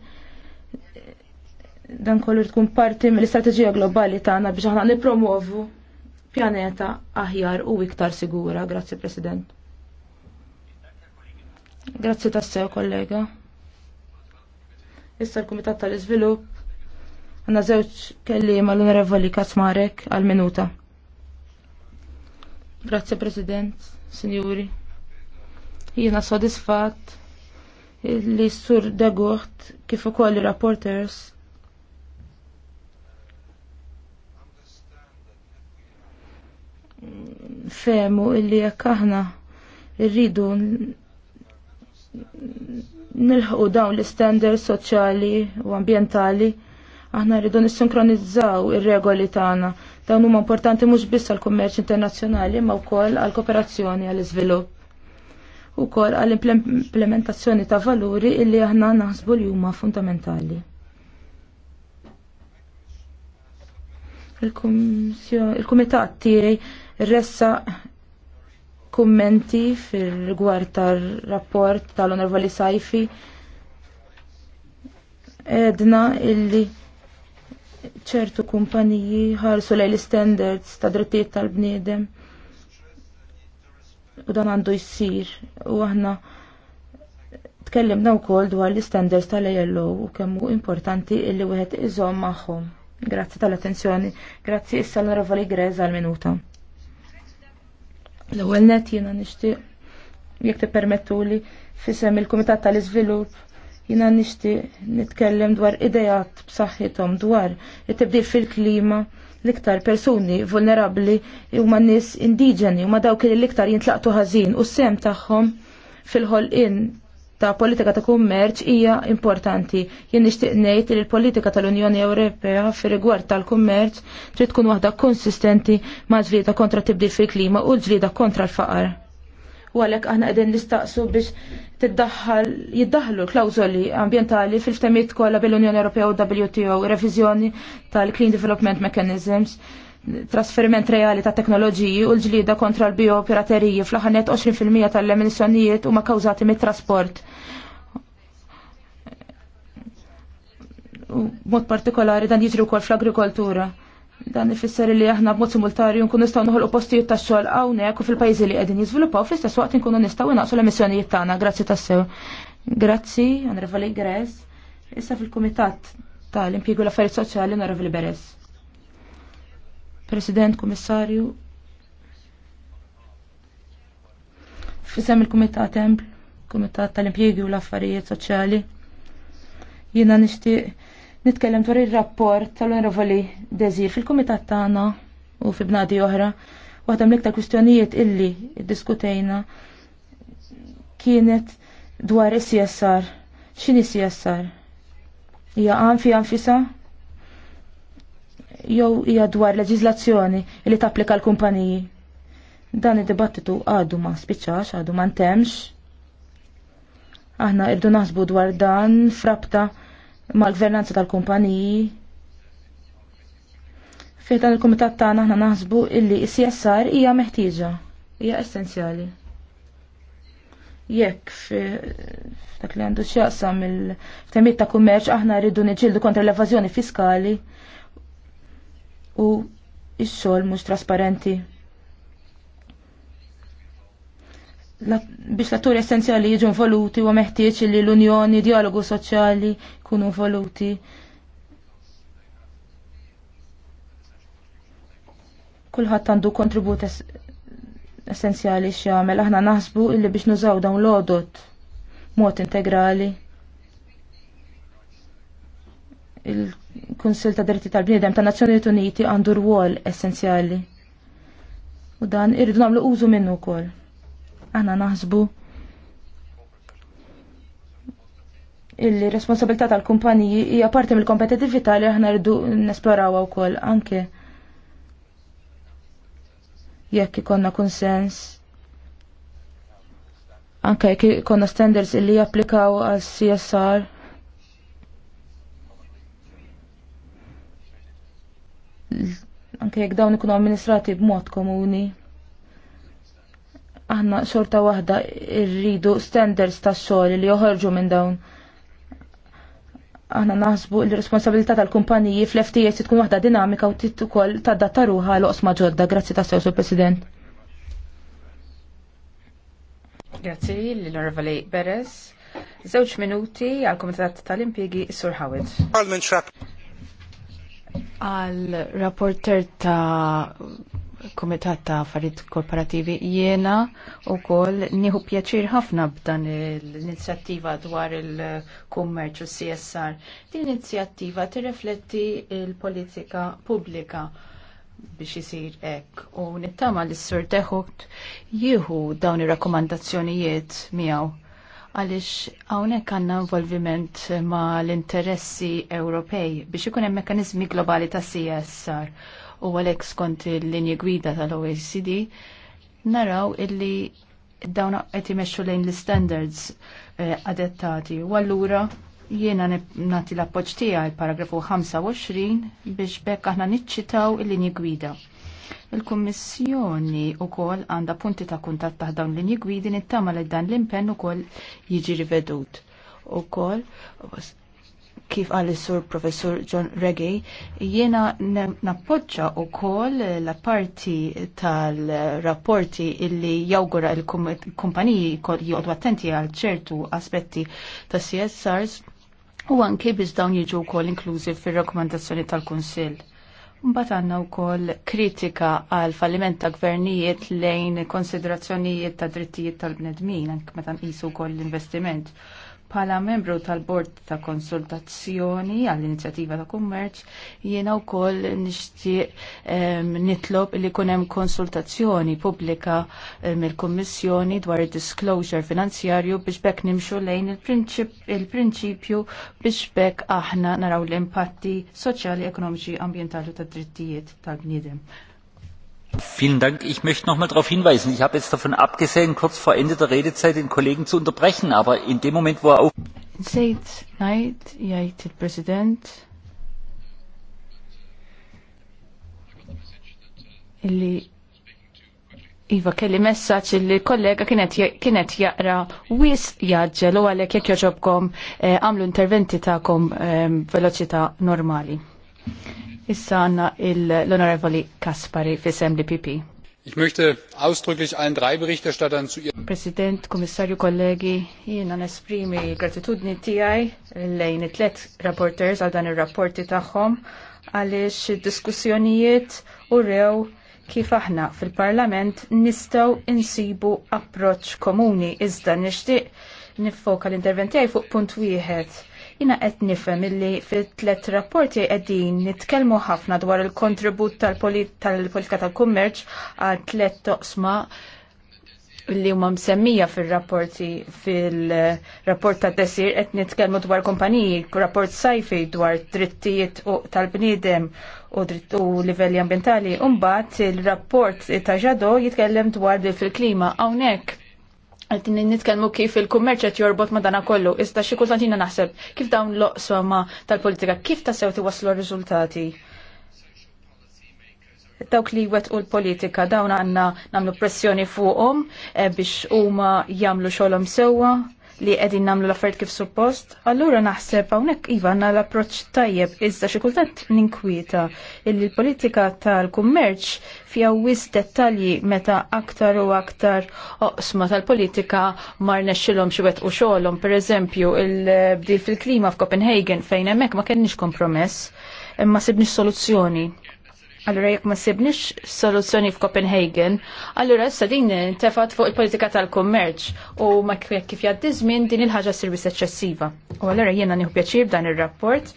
dan kollu tkun parti mill-istrateġija globali tagħna biex aħna nippromovu pjaneta aħjar u iktar sigura. Grazzi President. Grazzi tassew kollega. Issa l-Kumitat tal-Iżvilupp għandna żewġ kelliema l-Onorevoli Kasmarek għal-minuta. Grazzi President, Sinjuri. Jiena sodisfatt li s-sur Dagoħt kif ukoll rapporters femu illi jekk aħna rridu nilħu dawn l istandards soċjali u ambientali, aħna rridu nissinkronizzaw ir-regoli tagħna. Dawn huma importanti mhux biss għall-kummerċ internazzjonali ma wkoll għall-kooperazzjoni għall-iżvilupp. Ukoll għall-implementazzjoni ta' valuri illi aħna naħsbu li huma fundamentali. Il-Kumitat tiegħi ressa kummenti fil-rigward tal rapport tal-Onorvali Sajfi edna illi ċertu kumpaniji ħarsu lej l-standards ta' drittijiet tal-bniedem u dan għandu jissir u aħna tkellimna wkoll dwar l-standards tal-ILO u kemm hu importanti illi wieħed iżomm magħhom. Grazzi tal-attenzjoni. Grazzi issa l-onorevoli Grez għal-minuta. L-ewwel net jiena nixtieq jekk tippermettuli fisem il-Kumitat tal-Iżvilupp jiena nixtieq nitkellem dwar idejat b'saħħithom dwar it-tibdil fil-klima l-iktar persuni vulnerabbli huma nies indiġeni huma dawk li l-iktar jintlaqtu ħażin u sem tagħhom fil-ħolqien ta' politika ta' kummerċ hija importanti. Jien nixtieq ngħid li l-politika tal-Unjoni Ewropea fir rigward tal-kummerċ trid tkun waħda konsistenti ma' ġlieda kontra tibdil fil-klima u ġlieda kontra l-faqar. U għalhekk aħna qegħdin nistaqsu biex tiddaħħal jiddaħħlu klawżoli ambjentali fil-ftemiet kollha bil-Unjoni Ewropea u WTO, reviżjoni tal-Clean Development Mechanisms trasferiment reali ta' teknoloġiji u l-ġlida kontra l biopiraterija fl-ħanet 20% tal-emissjonijiet huma kawżati mit-trasport. Mod partikolari dan jiġri wkoll fl-agrikoltura. Dan ifisser li aħna b'mod simultarju nkunu nistgħu noħolqu postijiet tax-xogħol hawnhekk u fil-pajjiżi li qegħdin jiżviluppaw fl-istess waqt inkunu nistgħu inaqsu l-emissjonijiet tagħna. Grazzi tassew. Grazzi, Onorevoli Gress. Issa fil-Kumitat tal-Impjiegu l-Affarijiet Soċjali Onorevoli Beres. President, Kummissarju, fisem il-Kumitat Templ, Kumitat tal-Impjegi u l-Affarijiet Soċjali. Jiena nixtieq nitkellem dwar ir-rapport tal-Onorevoli Dezir fil-Kumitat tagħna u fi bnadi oħra. Waħda mill-iktar kwistjonijiet illi diskutejna kienet dwar is-CSR. X'inhi CSR? Hija għan fi anfisa jew hija dwar leġiżlazzjoni li tapplika l-kumpaniji. Dan id-dibattitu għadu ma spiċċax, għadu ma ntemx. Aħna irdu naħsbu dwar dan frabta mal-gvernanza tal-kumpaniji. Fih dan il-kumitat tagħna aħna naħsbu illi CSR hija meħtieġa, hija essenzjali. Jekk dak li għandu x'jaqsam il-temiet ta' kummerċ aħna rridu niġġieldu kontra l-evażjoni fiskali u x-xogħol mhux trasparenti. biex l-atturi essenzjali jiġu involuti u meħtieġ li l-unjoni, dialogu soċjali kunu involuti. Kulħadd għandu kontribut essenzjali x'jagħmel aħna naħsbu illi biex nużaw dawn l-għodot mod integrali il-Kunsil ta' Dritti tal-Bniedem ta' Nazzjonijiet Uniti għandu rwol essenzjali. U dan irridu nagħmlu użu minnu wkoll. Aħna naħsbu il-responsabilità tal-kumpaniji hija parti mill-kompetitività li aħna rridu nesplorawha wkoll anke jekk ikonna konsens anke jekk ikonna standards illi japplikaw għal CSR anke jekk dawn ikunu amministrati b'mod komuni. Aħna xorta waħda rridu standards ta' xogħol li joħorġu minn dawn. Aħna naħsbu l responsabilità tal-kumpaniji fl-FTS tkun waħda dinamika u titt ukoll ta' data ruħa l-oqsma ġodda. Grazzi ta' sew, President. Grazzi l-Onorevoli Beres. Żewġ minuti għal Komitat tal-Impjegi Sur Hawit għal rapporter ta' Komitat ta' Affarijiet Korporativi jiena wkoll nieħu pjaċir ħafna b'dan l-inizjattiva dwar il-kummerċ u CSR. Din inizjattiva tirrifletti l politika pubblika biex jisir ek u nittama l-sur teħut jieħu dawn ir rakkomandazzjonijiet miegħu għaliex hawnhekk għandna involviment ma' l-interessi Ewropej biex ikun hemm mekanizmi globali ta' CSR u għalhekk skont il-linji gwida tal-OECD naraw illi dawn qed imexxu lejn l-standards eh, adettati u allura jiena nagħti l-appoġġ tiegħi paragrafu 25 biex bekk aħna niċċitaw il-linji gwida. Il-Kummissjoni wkoll għandha punti ta' kuntatt ta' dawn l l-inji gwidi nittama li dan l-impenn ukoll jiġi rivedut. kol, kif għal sur professor John Reggie, jiena nappoġġa u kol la parti tal-rapporti illi jawgura il-kumpaniji kol jgħodu attenti għal ċertu aspetti ta' CSRs u anke biex dawn jiġu kol inklużi fil-rekomendazzjoni tal-Kunsill. Mbagħad għandna wkoll kritika għal falliment ta' gvernijiet lejn konsiderazzjonijiet ta' drittijiet tal-bnedmin anke meta nqisu wkoll l-investiment. Pala membru tal-Bord ta' Konsultazzjoni għall-Inizjattiva ta' Kummerċ, jiena wkoll nixtieq eh, nitlob li kunem hemm konsultazzjoni pubblika mill-Kummissjoni dwar id-disclosure finanzjarju biex bekk nimxu lejn il-prinċipju il biex bekk aħna naraw l-impatti soċjali, ekonomiċi, ambjentali u tad-drittijiet tal bnidem Vielen Dank. Ich möchte noch mal darauf hinweisen, ich habe jetzt davon abgesehen, kurz vor Ende der Redezeit den Kollegen zu unterbrechen, aber in dem Moment, wo er auf... Iva, kelli messaċ li kollega kienet jaqra wis jaġġel u għalek jek joġobkom eh, għamlu interventi ta'kom eh, veloċita normali. Issa għanna l-Onorevoli Kaspari fissem li PP. Ich möchte ausdrücklich allen drei Berichterstattern zu ihrem President, Kommissarju, kollegi, jiena nesprimi l-gratitudni tiegħi lejn it-tlet rapporters għal dan ir-rapporti tagħhom għaliex id diskussjonijiet u rew kif aħna fil-Parlament nistgħu insibu approċċ komuni iżda nixtieq niffoka l-interventi fuq punt wieħed Jina qed nifhem illi fit-tlet rapporti qegħdin nitkellmu ħafna dwar il-kontribut tal-politika tal-kummerċ għal tlet toqsma li huma msemmija fil-rapporti fil-rapport ta' desir qed nitkellmu dwar kumpaniji, rapport sajfi dwar drittijiet tal-bniedem u drittu livelli ambientali, u mbagħad il-rapport ta' ġado jitkellem dwar fil-klima hawnhekk Għaltin nitkellmu kif il-kummerċ qed jorbot ma dana kollu, iżda xi kultant jiena naħseb kif dawn l-oqsoma tal-politika kif tassew tiwaslu r-riżultati. Dawk li wet u l-politika dawn għandna nagħmlu pressjoni fuqhom eh, biex huma jagħmlu xogħolhom sewwa li qegħdin nagħmlu l-affarijiet kif suppost, allura naħseb hawnhekk iva għandna l-approċċ tajjeb iżda xi kultant ninkwieta illi l-politika tal-kummerċ fiha wis dettalji meta aktar u aktar oqsma tal-politika mar nexxilhom xi u xogħolhom, pereżempju il-bdil fil-klima f'Copenhagen fejn hemmhekk ma kenniex kompromess imma sibniex soluzzjoni Allura jekk ma sibniex soluzzjoni f'Copenhagen, allura issa din tefat fuq il-politika tal-kummerċ u ma kif jgħaddi żmien din il-ħaġa servis eċċessiva. U allura jiena nieħu pjaċir b'dan ir-rapport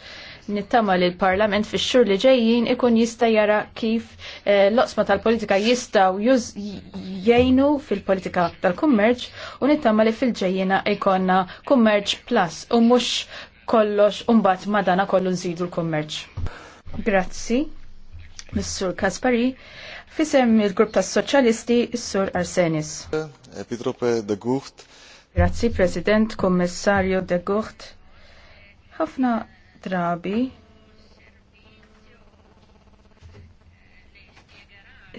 nittama li l-Parlament fix xhur li ġejjin ikun jista' jara kif eh, l-oqsma tal-politika jistgħu jgħinu fil-politika tal-kummerċ u nittama li fil-ġejjina ikonna kummerċ plus u mhux kollox u mbagħad madana kollu nżidu l-kummerċ. Grazzi. Missur Kaspari, fisem il-grupp tas soċjalisti Sur Arsenis. Epitrope de Gucht. Grazzi, President, Kommissario de Gucht. Ħafna drabi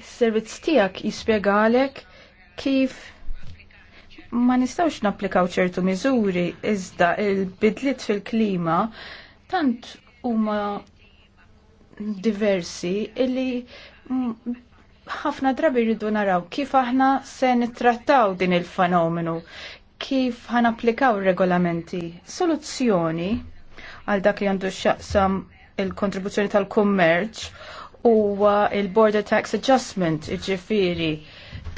Is-servizz tiegħek għalek kif ma nistawx napplikaw ċertu miżuri iżda il-bidliet fil-klima tant huma diversi illi ħafna drabi rridu naraw kif aħna se nittrattaw din il-fenomenu, kif ħan applikaw regolamenti, soluzzjoni għal dak li għandu xaqsam il-kontribuzzjoni tal-kummerċ huwa il-Border Tax Adjustment, iġifiri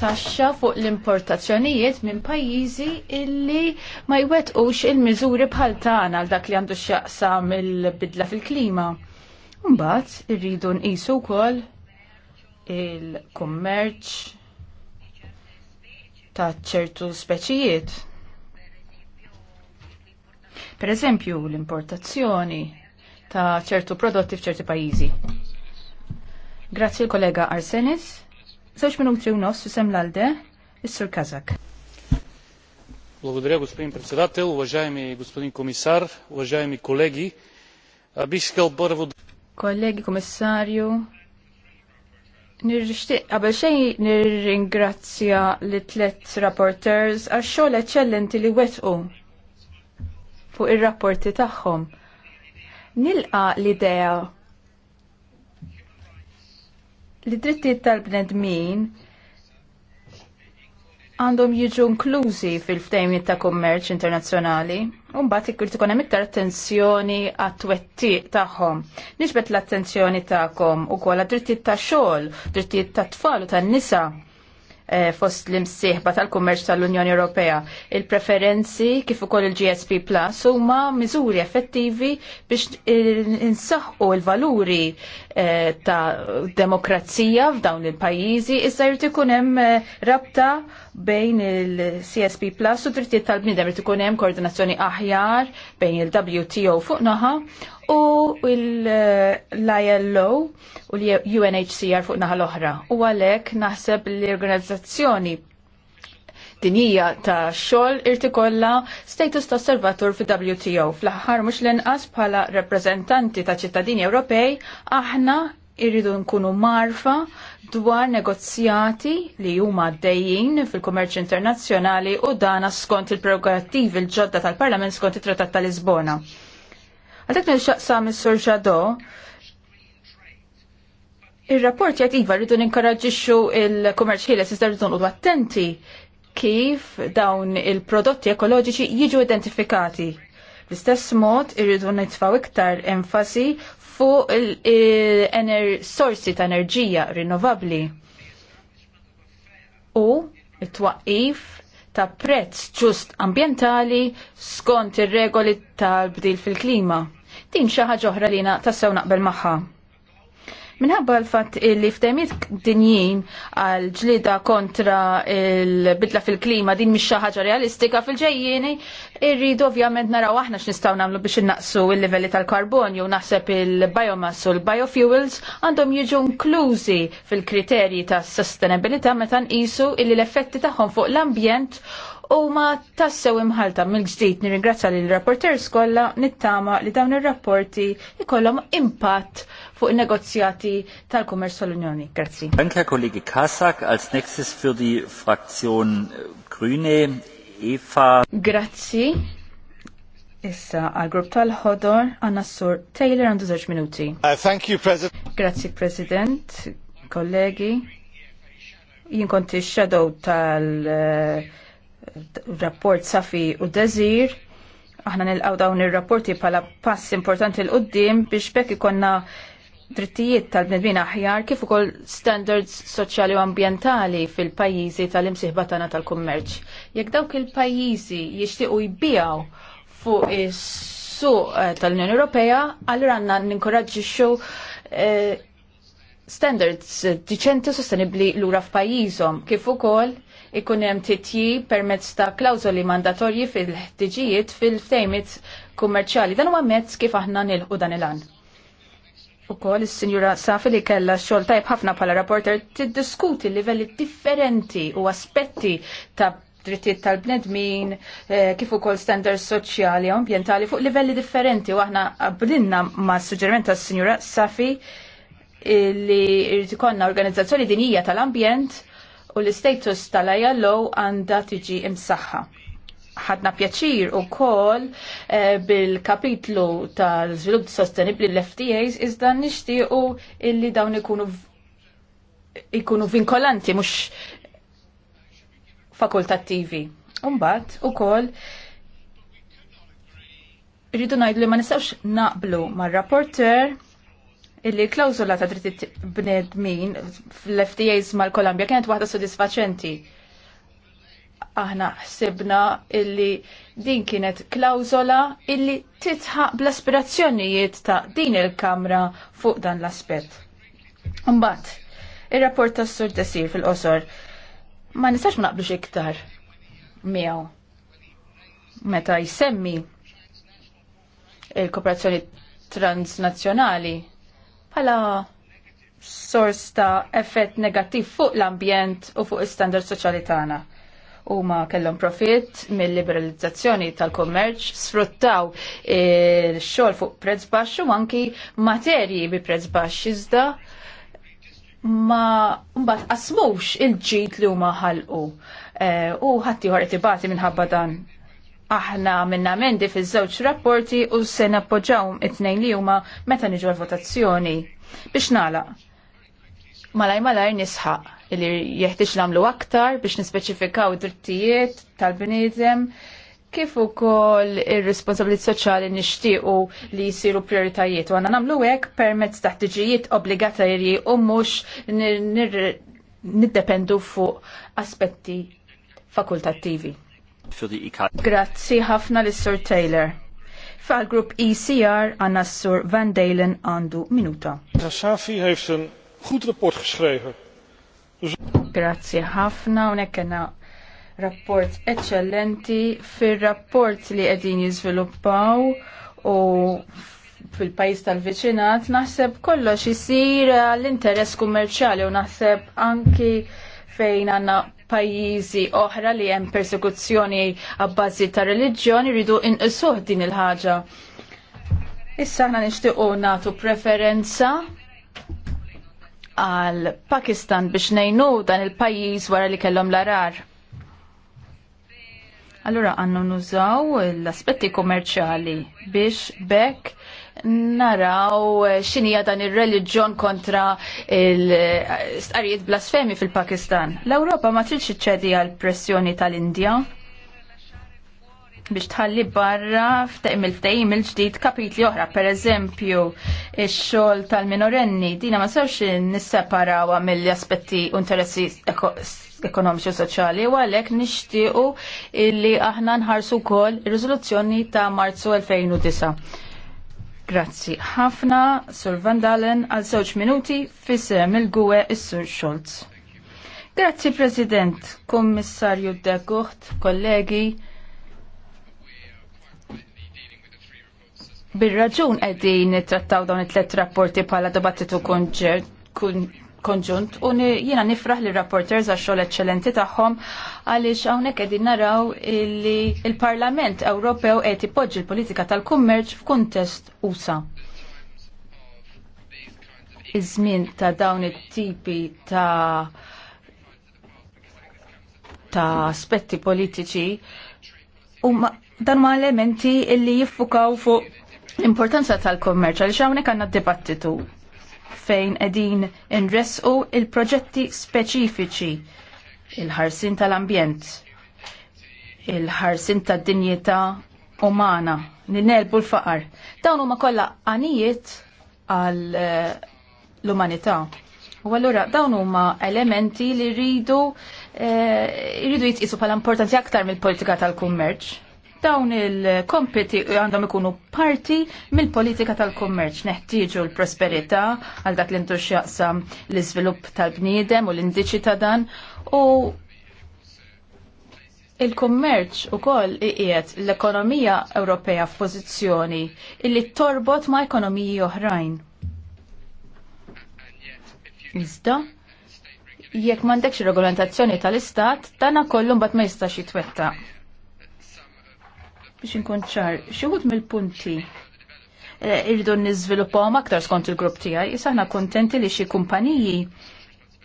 taxxa fuq l-importazzjonijiet minn pajjiżi illi ma jwettqux il-miżuri bħal tagħna għal dak li għandu x'jaqsam il-bidla fil-klima. Mbagħad irridu nqisu wkoll il-kummerċ ta' ċertu speċijiet. Per eżempju, l-importazzjoni ta' ċertu prodotti f'ċerti pajjiżi. Grazzi l-kollega Arsenis. Zewġ minuti u nofs sem l-alde, is-Sur Kazak. Благодаря, господин председател, уважаеми господин комисар, уважаеми колеги. Бих искал първо kollegi, komissarju. Nirrixtiq, qabel xejn nirringrazzja li tlet rapporters għal xogħol eċċellenti li wetqu fuq ir-rapporti tagħhom. Nilqa l-idea li drittijiet tal-bnedmin għandhom jiġu inklużi fil ftejmi ta' kummerċ internazzjonali. Umbat ikkult ikun hemm iktar attenzjoni għat-twettiq tagħhom. Nixbet l-attenzjoni tagħkom ukoll għad drittijiet ta' xogħol, drittijiet ta' tfal u tan-nisa Eh, fost l-imsieħba tal-kummerċ tal-Unjoni Ewropea. Il-preferenzi kif ukoll il-GSP Plus huma miżuri effettivi biex insaħħu l-valuri eh, ta' demokrazija f'dawn il-pajjiżi issa jrid ikun hemm eh, rabta bejn il-CSP Plus u drittijiet tal-bniedem jrid ikun hemm koordinazzjoni aħjar bejn il-WTO fuq naħa u l-ILO u l-UNHCR fuq naħa l-oħra. U għalek naħseb l-organizzazzjoni dinija ta' xogħol irti kollha status ta' osservatur fi WTO. Fl-aħħar mhux l-inqas bħala rappreżentanti ta' ċittadini Ewropej aħna irridu nkunu marfa dwar negozjati li huma għaddejjin fil kommerċ internazzjonali u dana skont il-prerogattivi l-ġodda tal-Parlament skont it-Trattat ta' Lisbona. Għadek nil-xaqsa mis-sur ġado, il-rapport jgħat iva rridu ninkoraġġixxu il-kummerċ ħieles iżda rridu nqodu attenti kif dawn il-prodotti ekoloġiċi jiġu identifikati. L-istess mod irridu nitfaw iktar enfasi fuq il-sorsi ta' enerġija rinnovabli u it-twaqif ta' prezz ġust ambientali skont ir-regoli tal-bdil fil-klima. Din xi ħaġa oħra li tassew naqbel magħha. Minħabba l-fatt li ftemiet dinjin għal ġlida kontra il-bidla fil-klima din mhix xi ħaġa realistika fil-ġejjieni, irrid ovvjament naraw aħna x'nistgħu nagħmlu biex innaqsu l-livelli tal-karbonju naħseb il-biomass u l-biofuels għandhom jiġu inklużi fil-kriterji tas-sostenibilità meta nqisu illi l-effetti tagħhom fuq l-ambjent ma tassew imħalta mill-ġdid nirringrazzja l rapporters kollha nittama li dawn ir-rapporti ikollhom impatt fuq in-negozjati tal-kummerz tal-Unjoni. Grazzi. Danke kollegi Kasak, als nächstes für di Fraktion Grüne Eva. Grazzi. Issa, għal grupp tal-ħodor, għanna s-sur Taylor għandu zewġ minuti. Uh, thank you, President. Grazzi, President, kollegi. Jien x shadow tal- uh, rapport safi u dezir. aħna nilqaw dawn ir-rapporti bħala pass importanti l qoddim biex bekk ikonna drittijiet tal-bnedmin aħjar kif ukoll standards soċjali u ambjentali fil-pajjiżi tal-imsieħba tagħna tal-kummerċ. Jekk dawk il-pajjiżi jixtiequ jbijaw fuq is-suq eh, tal-Unjoni Ewropea, allura għandna ninkoraġġixxu eh, standards diċenti u sostenibbli lura f'pajjiżhom kif ukoll ikun hemm titji permezz ta' klawżoli mandatorji fil-ħtiġijiet fil-ftejmiet kummerċjali. Dan huwa mezz kif aħna nilħu dan il-għan. Ukoll is-Sinjura Safi li kellha xogħol tajb ħafna bħala rapporter tiddiskuti livelli differenti u aspetti ta' drittijiet tal-bnedmin, eh, kif ukoll standards soċjali u ambjentali fuq livelli differenti u aħna qablinna ma' suġġeriment tas-Sinjura Safi eh, li rrid ikollna organizzazzjoni dinija tal-ambjent u l-istatus tal-ILO għandha tiġi imsaħħa. Ħadna pjaċir u kol e, bil-kapitlu tal-żvilupp sostenibli l-FTAs iżda nixtiequ illi dawn ikunu ikunu vinkolanti mhux fakultattivi. Umbat u kol rridu ngħidu li ma nistgħux naqblu mar-rapporter illi klawzula ta' dritti bnedmin fl-FTAs mal-Kolombja kienet waħda sodisfaċenti. Aħna ħsibna illi din kienet klawzola illi titħaq bl-aspirazzjonijiet ta' din il-Kamra fuq dan l-aspet. Mbagħad, ir-rapport tas sur Desir fil-qosor ma nistax ma naqblux iktar miegħu. Meta jsemmi il-kooperazzjoni transnazzjonali bħala sors ta' effett negattiv fuq l-ambjent u fuq is-standard soċjali tagħna. Huma kellhom profitt mill-liberalizzazzjoni tal-kummerċ, sfruttaw il-xogħol fuq prezz baxx u anki materji bi prezz baxx iżda ma mbagħad qasmux il-ġid li huma ħalqu eh, u ħadd ieħor ibati minħabba dan Aħna minna mendi fi żewġ rapporti u se nappoġġawhom it-tnejn li huma meta niġu l-votazzjoni. Biex nagħlaq. Malaj malaj nisħaq li jeħtieġ nagħmlu aktar biex nispeċifikaw id-drittijiet tal-bniedem kif ukoll ir-responsabilità soċjali nixtiequ li jsiru prioritajiet u għandna nagħmlu hekk permezz ta' tiġijiet obbligatorji u mhux niddependu fuq aspetti fakultattivi. Grazzi ħafna lis sur Taylor. Fal grupp ECR għanna sur Van Dalen għandu minuta. Safi heeft een goed rapport geschreven. Grazzi ħafna, unekkena rapport eccellenti fil-rapport li għedin jizviluppaw u fil-pajis tal-viċinat naħseb kollox jisir l-interess kummerċali u naħseb anki fejn għanna pajjiżi oħra li hemm persekuzzjoni għabbażi ta' reliġjoni rridu inqisuh din il-ħaġa. Issa aħna nixtiequ nagħtu preferenza għal Pakistan biex nejnu dan il-pajjiż wara li kellhom l-arar. Allura għannu nużaw l-aspetti kommerċali biex bekk naraw xinija dan il-reliġjon kontra il-starijiet blasfemi fil-Pakistan. L-Europa ma tridx iċċedi għal pressjoni tal-Indja biex tħalli barra f'taqim il-ftajim il-ġdid kapitli oħra, per eżempju, il-xol tal-minorenni, dina ma sewx nisseparawa mill-aspetti u interessi ekonomiċi u soċjali u għalek nishtiqu illi aħna nħarsu kol il-rizoluzzjoni ta' marzu 2009 Grazzi ħafna, Sur Van Dalen, għal żewġ minuti fisem il-gwe is-Sur Scholz. Grazzi President, Kommissarju Degucht, kollegi. Bir-raġun qegħdin nittrattaw dawn it-tlet rapporti bħala dibattitu konċert kun konġunt u jiena nifraħ li rapporters għax xogħol eċċellenti tagħhom għaliex hawnhekk qegħdin naraw li l parlament Ewropew qed ipoġġi l-politika tal-kummerċ f'kuntest USA. Iż-żmien ta' dawn it-tipi ta' ta' aspetti politiċi u dan ma' elementi illi jiffukaw fuq l-importanza tal-kommerċ għaliex hawnhekk għandna dibattitu fejn edin inresqu il-proġetti speċifiċi il-ħarsin tal-ambjent, il-ħarsin tad-dinjità umana, nil l-faqar. Dawn huma kollha għanijiet għal eh, l-umanità. U allura dawn huma elementi li rridu eh, jitqisu bħala importanti aktar mill-politika tal-kummerċ dawn il-kompeti għandhom ikunu parti mill-politika tal-kommerċ. Neħtieġu l-prosperità għal dak l-intux l-izvilupp tal-bniedem u l-indiċi ta' dan u il-kommerċ u koll iqiet l-ekonomija Ewropea f'pożizzjoni illi torbot ma' ekonomiji oħrajn. Iżda, jekk m'għandekx regolamentazzjoni tal-istat, dana kollu mbagħad ma jistax jitwettaq biex inkun ċar, xieħut mill-punti eh, irridu nizviluppaw aktar skont il-grupp tiegħi, issa aħna kontenti li xi kumpaniji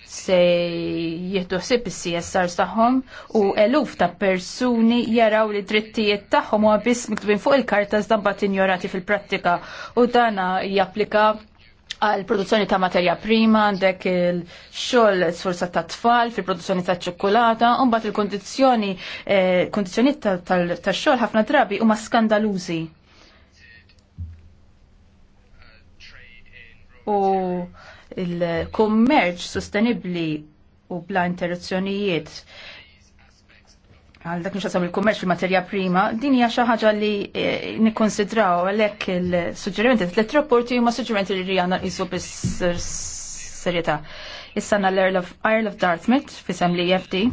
se jihdu ħsieb is-CSRs tagħhom u eluf ta' persuni jaraw li drittijiet tagħhom huwa biss miktubin fuq il-karta żda injorati fil-prattika u dana japplika għal produzzjoni ta' materja prima, għandek il-xol sforza ta' tfal fil-produzzjoni ta' ċokolata, unbat il-kondizjoni eh, kondizjoni ta', xol ħafna drabi huma skandalużi. U il-kummerċ sostenibli u bla interruzzjonijiet għal dak nixasam il-kummerċ fil-materja prima, din hija xi ħaġa li eh, nikkonsidraw għalhekk il-suġġerimenti t-trapporti huma suġġerimenti li rjana qisu bis-serjetà. Issa l-Earl of Isle of Dartmouth fisem li EFD.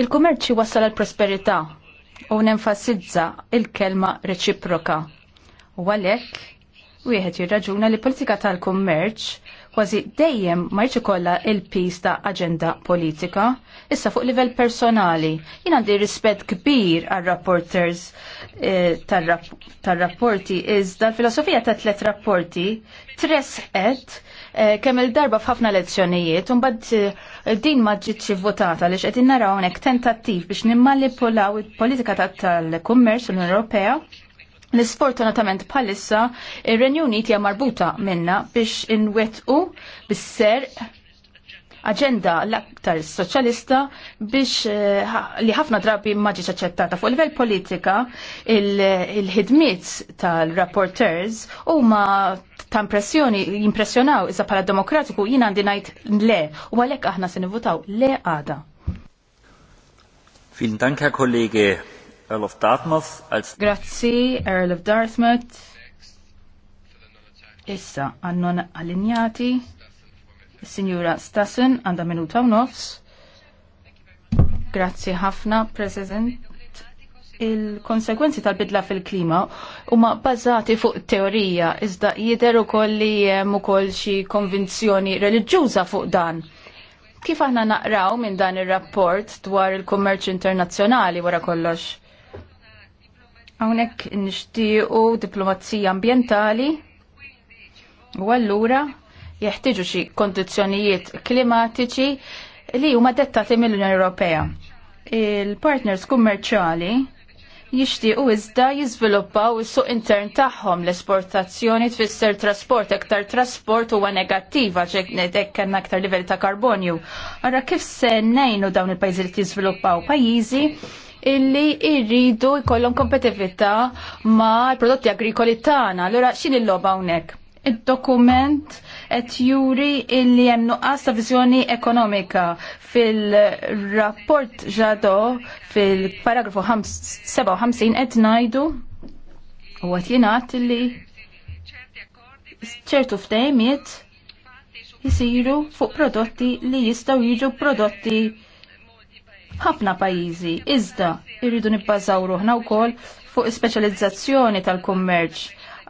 Il-kummerċ wassal għal prosperità u nenfasizza il-kelma reċiproka. U għalhekk wieħed jirraġuna li politika tal-kummerċ kważi dejjem ma jridx ikollha il-pis ta' aġenda politika. Issa fuq livell personali, jien għandi rispett kbir għal rapporters eh, tar-rapporti iżda l-filosofija ta' tliet rapporti tresqet eh, kemm il-darba f'ħafna lezzjonijiet u mbagħad eh, din ma ġietx votata li qed innaraw hawnhekk tentattiv biex nimmanipulaw il-politika tal-kummerċ l-Unjoni Ewropea Nisfortunatament bħalissa il renju tija hija marbuta minna biex inwet u bisser aġenda l-aktar soċjalista biex eh, li ħafna drabi maġi ġietx aċċettata fuq livell politika il-ħidmiet tal-rapporters huma ta' impressjoni jimpressjonaw iżda bħala demokratiku jina għandi ngħid le u għalhekk aħna se nivutaw le għada. Fil-tanka kollegi Earl of Dartmouth Grazzi, Earl of Dartmouth. Issa, għannon allinjati. Signora Stassen, għanda minuta u nofs. Grazzi ħafna, President. Il-konsekwenzi tal-bidla fil-klima huma bbażati fuq teorija iżda jidher ukoll li hemm ukoll xi konvinzjoni reliġjuża fuq dan. Kif aħna naqraw minn dan ir-rapport dwar il-kummerċ internazzjonali wara kollox? Hawnhekk nixtiequ diplomazija ambjentali u allura jeħtieġu xi kondizjonijiet klimatiċi li huma dettati mill-Unjoni Ewropea. Il-partners kummerċali jixtiequ iżda jiżviluppaw is-suq intern tagħhom l-esportazzjoni tfisser trasport, iktar trasport huwa negattiva hekk kellna aktar livell ta' karbonju. Ara kif se ngħinu dawn il-pajjiżi li jiżviluppaw pajjiżi illi irridu jkollhom kompetività ma' prodotti agrikoli tagħna. Allura x'in il-logħba hawnhekk? Id-dokument qed juri illi hemm nuqqas ta' viżjoni ekonomika fil-rapport ġado fil-paragrafu 57 qed ngħidu u qed jingħad illi ċertu ftehimiet jisiru fuq prodotti li jistgħu jiġu prodotti ħafna pajjiżi. Iżda irridu nibbażaw ruħna wkoll fuq ispeċjalizzazzjoni tal-kummerċ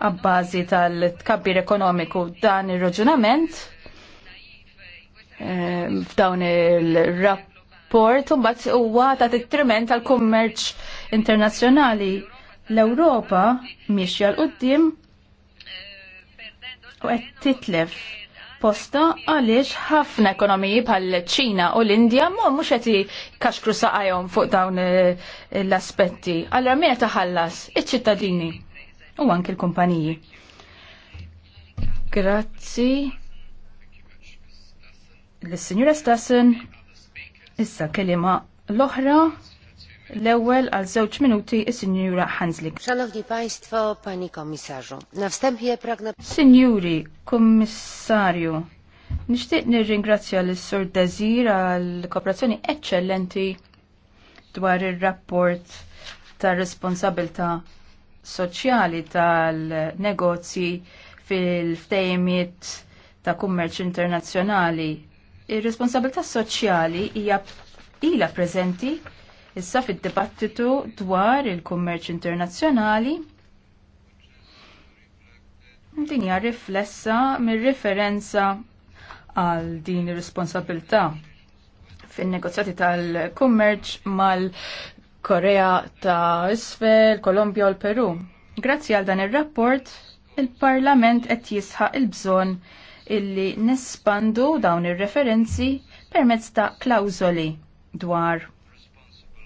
għabbażi tal-tkabbir ekonomiku dan ir-raġunament eh, f'dawn il-rapport mbagħad huwa ta' titriment tal-kummerċ internazzjonali l-Ewropa mixja l-qudiem u qed titlef posta għaliex ħafna ekonomiji bħal ċina u l-Indja ma mhux qed kaxkru saqajhom fuq dawn eh, l-aspetti. Allora min qed taħallas iċ-ċittadini u anke l-kumpaniji. Grazzi. l signora Stassen, issa kelima l-oħra L-ewwel għal żewġ minuti is-Sinjura Hanslik. Szanowni Państwo, Pani Komisarzu, na wstępie pragnę... Sinjuri, Kommissarju, nixtieq nirringrazzja l sur Dazir għal kooperazzjoni eccellenti dwar ir-rapport tar responsabilità soċjali tal-negozji fil-ftejmiet ta' kummerċ internazzjonali. Ir-responsabilità soċjali hija ilha preżenti Issa fid-dibattitu dwar il-kummerċ internazzjonali din hija riflessa mir-referenza għal din ir-responsabilità fin-negozjati tal-kummerċ mal-Korea ta' Isfel, Kolombja u l-Peru. Grazzi għal dan ir-rapport, il-Parlament qed jisħaq il-bżonn illi nespandu dawn ir-referenzi permezz ta' klawżoli dwar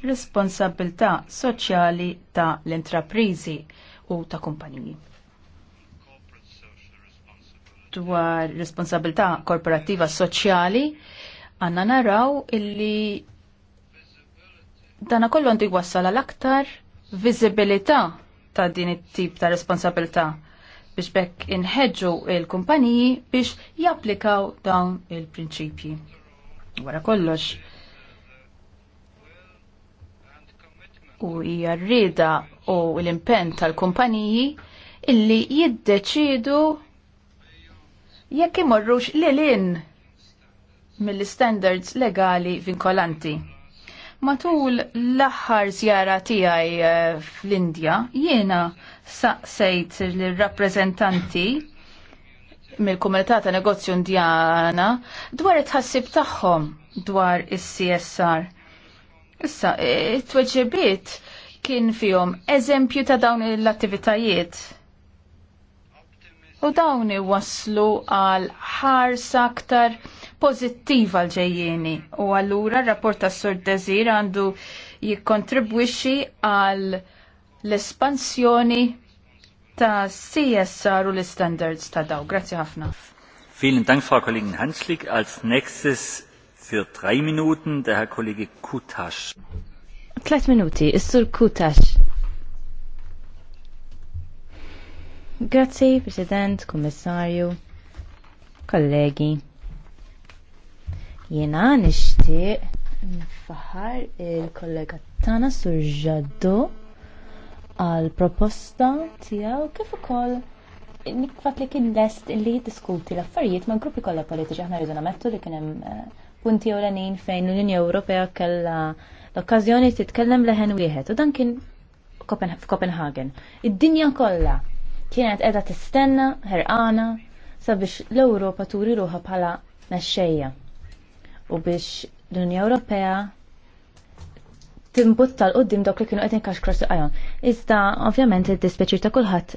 responsabilità soċjali ta' l-intraprizi u ta' kumpaniji. Dwar responsabilità korporattiva soċjali għanna naraw illi dana kollu għandu jwassal l-aktar viżibilità ta' din it-tip ta' responsabilità biex bekk inħedġu il-kumpaniji biex japplikaw dawn il-prinċipji. Wara kollox, u hija rrida u l-impenn tal-kumpaniji illi jiddeċidu jekk imorrux lilin mill-standards legali vinkolanti. Matul l-aħħar zjara tiegħi eh, fl-Indja, jiena saqsejt l-rappreżentanti mill-Kumunità ta' Negozju Indjana dwar it-ħassib tagħhom dwar is-CSR Issa, e, it-tweġibiet kien fihom eżempju ta' dawn l-attivitajiet. U dawn iwasslu għal ħarsa aktar pozittiva l-ġejjeni. U allura r-rapport ta' Sur Desir għandu jikkontribwixxi għal l-espansjoni ta' CSR u l-standards ta' daw. Grazzi ħafna. Vielen Dank, Frau Kollegin Hanslik. Als nächstes Für drei Minuten der Herr Kollege Kutasch. Tlet minuti, is-sur Kutasch. Grazzi, President, Kommissarju, kollegi. Jena nishti nfahar il-kollega tana sur ġaddu għal proposta tijaw kif ukoll nikfat li kien lest li diskuti l-affarijiet ma' gruppi kollha politiċi aħna rridu namettu li kien hemm eh, punti l-għanin fejn l-Unjoni Ewropea kellha l-okkażjoni titkellem leħen wieħed u dan kien f'Kopenhagen. Id-dinja kollha kienet qiegħda tistenna ħerqana sabiex l-Ewropa turi ruħha bħala mexxejja u biex l-Unja Ewropea timbut l-qoddim dok li kienu qed inkaxkros għajon. Iżda ovvjament id-dispeċir ta' kulħadd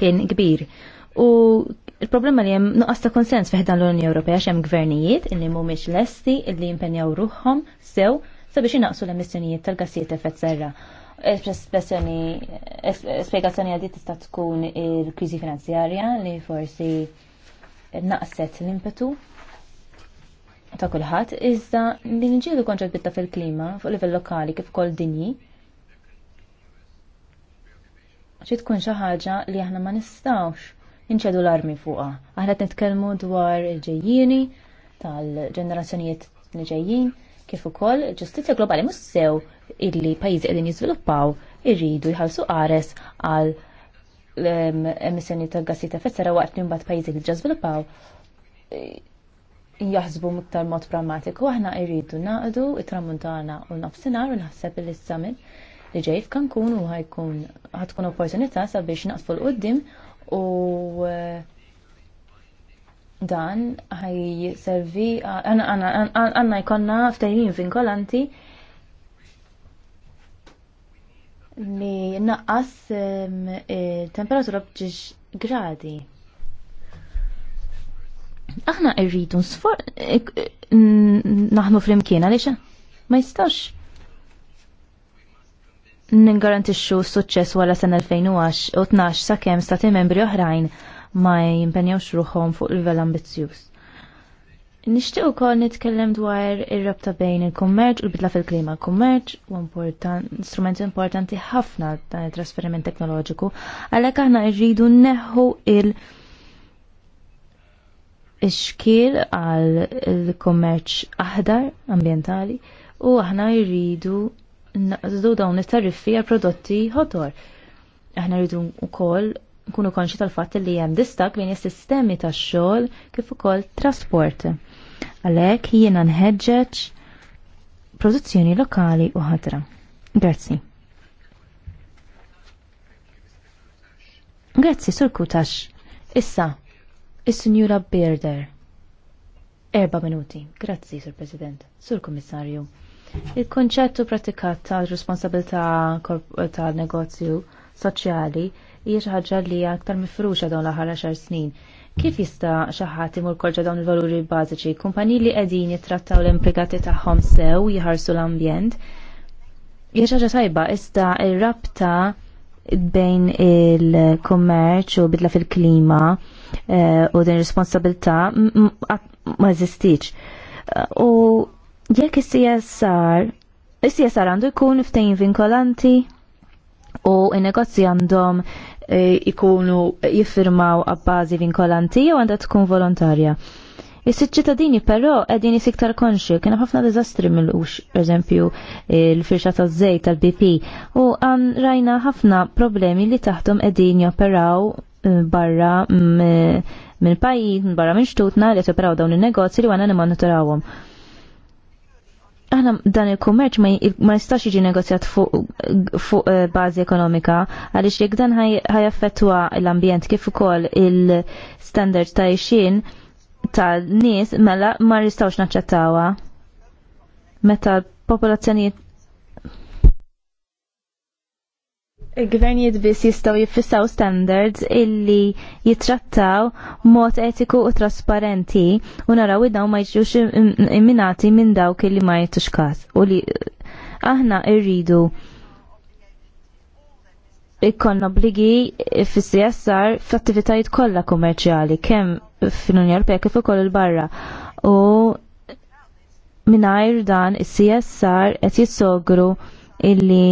kien kbir. U Il-problema li hemm nuqqas ta' konsens fiħdan dan l-Unjoni Ewropea xem gvernijiet illi mhumiex lesti illi jimpenjaw ruħhom sew sabiex jinaqsu l-emissjonijiet tal-gassijiet effett serra. Spiegazzjoni għaddi tista' tkun il-kriżi finanzjarja li forsi naqset l-impetu ta' kulħadd, iżda li nġielu kontra bitta fil-klima fuq livell lokali kif ukoll dinji xi tkun xi ħaġa li aħna ma nistgħux inċedu l-armi fuqa. Aħna nitkellmu dwar il-ġejjini tal-ġenerazzjonijiet li ġejjin kif ukoll ġustizzja globali mhux sew illi pajjiżi qegħdin jiżviluppaw irridu jħallsu qares għal ehm, emissjoni ta' gassi ta' fessera waqt li mbagħad pajjiżi li ġa żviluppaw e, jaħsbu miktar mod pragmatiku aħna irridu naqdu it-tramuntana u nofsinhar u naħseb il-summit li ġej f'Kankun u ħajkun ħatkun opportunità sabiex naqfu l-qoddim u eh, dan ħaj servi għanna jkonna ftajin kolanti li naqqas ehm, temperatura bġiġ gradi. Aħna irridu naħnu fl-imkien għaliex ma jistax ningarantixxu s-suċċess wara sena u tnax sakemm stati membri oħrajn ma jimpenjawx ruħom fuq livell ambizzjuż. Nixtieq ukoll nitkellem dwar ir-rabta bejn il-kummerċ u l-bidla fil-klima. Kummerċ u strumenti importanti ħafna ta' trasferiment teknoloġiku, għalhekk aħna rridu neħu il- iċkil għal il-kummerċ aħdar ambientali u aħna jridu naqżdu dawn it-tariffi għal prodotti ħodor. Aħna rridu wkoll nkunu konxi tal-fatt li hemm distak bejn is-sistemi tax-xogħol kif ukoll trasport. Għalhekk jiena nħeġġeġ produzzjoni lokali u ħadra. Grazzi. Grazzi, Sur Kutax. Issa, is-Sinjura Birder. Erba minuti. Grazzi, Sur President, Sur Kommissarju. Il-konċettu pratikat tal-responsabilità tal-negozju soċjali hija xi ħaġa li hija aktar mifruxa dawn l-aħħar xar snin. Kif jista' xi ħadd imur kolġa dawn il-valuri bażiċi? Kumpaniji li qegħdin jittrattaw l impjegati tagħhom sew jħarsu l-ambjent. Hija xi ħaġa tajba iżda r-rabta bejn il kummerċ u bidla fil-klima eh, u din responsabilità ma eżistix. Eh, u jekk is-CSR is-CSR għandu jkun ftehim vinkolanti u n-negozji għandhom ikunu e, jiffirmaw għabbażi vinkolanti jew għandha tkun volontarja. Is-ċittadini però qegħdin isiktar konxi, kien ħafna diżastri mill-ux, eżempju l-firxa taż żej tal-BP, u għan rajna ħafna problemi li taħtom qegħdin joperaw e, barra minn pajjiż, barra minn xtutna li joperaw dawn in negozji li għana nimmonitorawhom. monitorawhom aħna dan il-kummerċ ma jistax jiġi negozjat fuq eh, bażi ekonomika għaliex jekk dan ħajaffettwa l-ambjent kif ukoll il standard ta' ixin ta' nies mela ma jistawx naċċettawha. Meta l-popolazzjonijiet il-gvernijiet biss jistgħu jiffissaw standards illi jitrattaw mod etiku u trasparenti u naraw id ma jiġux imminati minn dawk illi ma jitux każ u li aħna rridu ikkonna obligi fis-CSR f'attivitajiet kollha kummerċjali kemm fil-Unjon Ewropea kif ukoll il-barra. U mingħajr dan is-CSR qed jissogru illi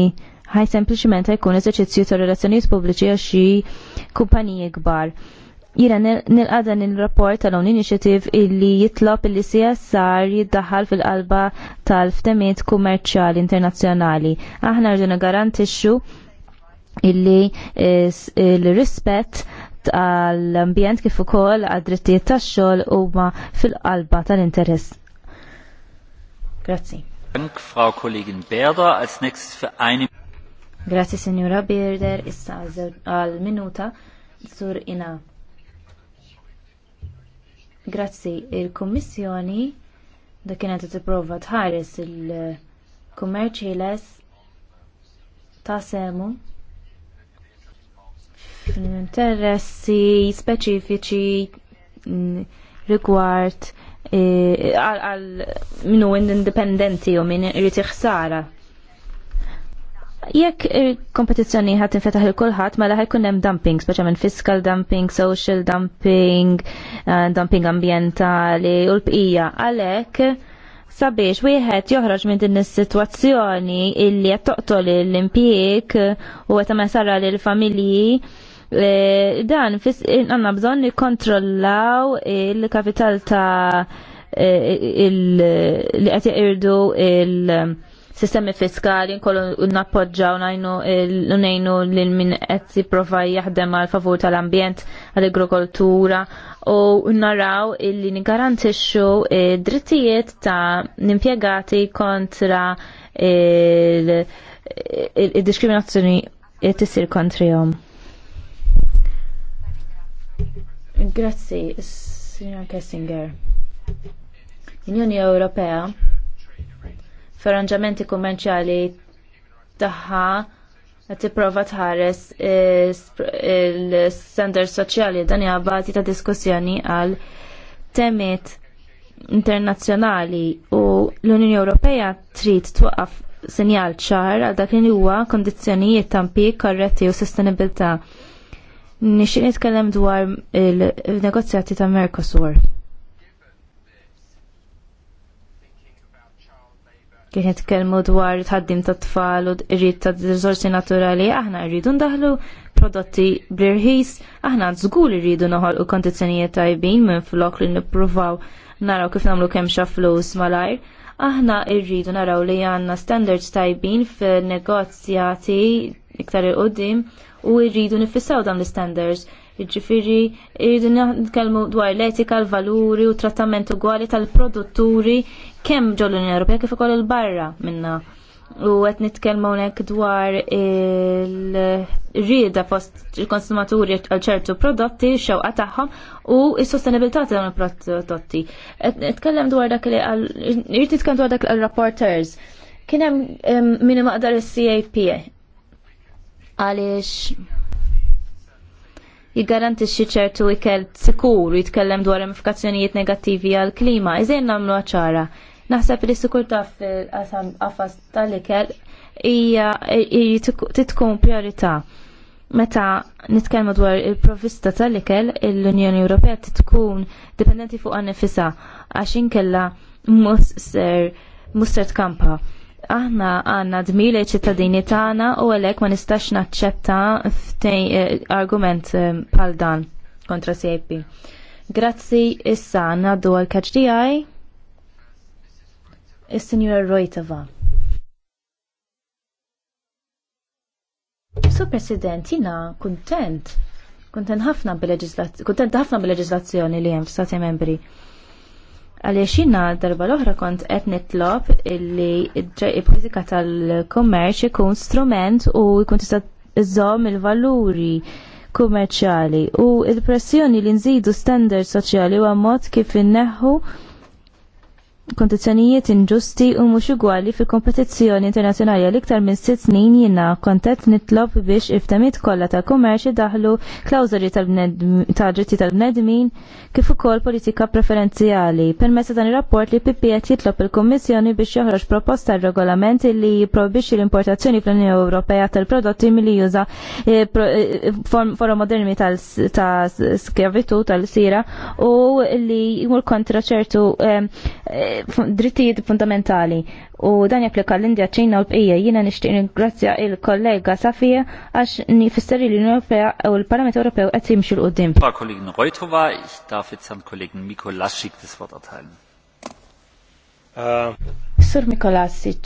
ħaj sempliciment jkun eżerċizzju ta' relazzjonijiet pubbliċi għax xi kumpaniji kbar. Jira nilqadan il-rapport tal-own initiative illi jitlob illi CSR jiddaħħal fil-qalba tal-ftemiet kummerċjali internazzjonali. Aħna rridu garantixxu illi l-rispett tal-ambjent kif ukoll għad-drittijiet tax-xogħol huma fil-qalba tal-interess. Grazzi. Frau Kollegin Berda, Als nächstes für eine Grazzi Signora Birder, issa għal minuta sur ina. Grazzi il-Kommissjoni da kienet t-prova tħares il-kummerċ ħiles ta' semu interessi speċifiċi mm, rigward eh, għal minu indipendenti u minn irrit ħsara Jekk il-kompetizzjoni ħat infetaħ il-kulħat, mela ħajkun hemm dumping, speċjalment fiscal dumping, social dumping, eh, dumping ambientali u l-bqija. Għalhekk sabiex wieħed joħroġ minn din is-sitwazzjoni illi qed toqtol l-impjieg u qed sarra lil familji eh, dan għandna bżonn nikkontrollaw il-kapital ta' eh, il- li qed irdu il-, il, il, il, il, il, il, il sistemi fiskali nkollu nappoġġaw ngħinu eh, lil min qed jipprova jaħdem għal favur tal-ambjent għall-agrikoltura u naraw illi nigarantixxu eh, drittijiet ta' impjegati kontra il-diskriminazzjoni tissir kontrihom. Grazzi, Signor Kessinger. L-Unjoni Ewropea f'arranġamenti kummerċjali tagħha tipprova tħares il-standard soċjali dan hija bażi ta' diskussjoni għal temiet internazzjonali u l-Unjoni Ewropea trid twaqqaf sinjal ċar għal dak li huwa kondizzjonijiet ta' impjieg korretti u sostenibilità. Nixtieq nitkellem dwar il-negozjati ta' Mercosur. kien jitkellmu dwar tħaddim ta' tfal u rrid ta' riżorsi naturali, aħna rridu ndaħlu prodotti bl-irħis, aħna żgur irridu noħolqu kondizzjonijiet tajbin minn flok li nippruvaw naraw kif nagħmlu kemm xa flus malajr. Aħna rridu naraw li għandna standards tajbin fin negozjati iktar il qudiem u rridu nifissaw dawn l-standards Jiġifieri jridu nitkellmu dwar l-etika, l-valuri u trattament ugwali tal-produtturi kemm ġol l-Unjoni Ewropea kif ukoll il-barra minna. U qed nitkellmu hawnhekk dwar il-rieda fost il-konsumaturi għal ċertu prodotti, xewqa tagħhom u s-sostenibilità ta' dawn il-prodotti. Nitkellem dwar dak li għal irid nitkellem dwar dak l-rapporters. Kien hemm min maqdar is-CAP għaliex jiggarantixxi ċertu ikel sikur jitkellem dwar ramifikazzjonijiet negattivi għall klima iżejn nagħmlu ċara. Naħseb li sikurtà fil-qasam qafas tal-ikel hija titkun priorità. Meta nitkellmu dwar il-provvista tal-ikel, l-Unjoni Ewropea tkun dipendenti fuq għan nifisa għax inkella muster musser tkampa aħna għanna dmir li ċittadini tagħna u għalhekk ma nistax naċċetta ftejn eh, argument eh, bħal dan kontra CIP. Grazzi issa ngħaddu għal KHDI is-Sinjura Rojtava. Sur President, jina kuntent, kuntent ħafna bil-leġizlazzjoni, li hemm f'stati membri Għaliex jina darba l-oħra kont qed nitlob li il-politika tal-kommerċ ikun strument u jkun tista' iżżomm il-valuri kummerċjali u il-pressjoni li nżidu standard soċjali huwa mod kif inneħħu kondizjonijiet inġusti u mhux igwali fil kompetizzjoni internazzjonali l iktar minn sitt snin jiena kontent nitlob biex iftemiet kollha ta' kummerċi daħlu klawżoli ta' ġritti tal-bnedmin kif ukoll politika preferenzjali. Permezz dan ir-rapport li Pippiet jitlob il-Kummissjoni biex joħroġ proposta regolament li jipprobixxi l-importazzjoni fl-Unjoni Ewropea tal-prodotti milli juża eh, eh, forma moderni tal-skjavitu tal-sira u li jmur kontra ċertu eh, drittijiet fundamentali u dan japplika l-Indja ċina u l-bqija jina nishtiq ningrazzja il-kollega Safija għax nifisser l unjoni Ewropea u l-Parlament Ewropew qed jimxu l-qudiem. Kollegin äh. Sur Mikolasic,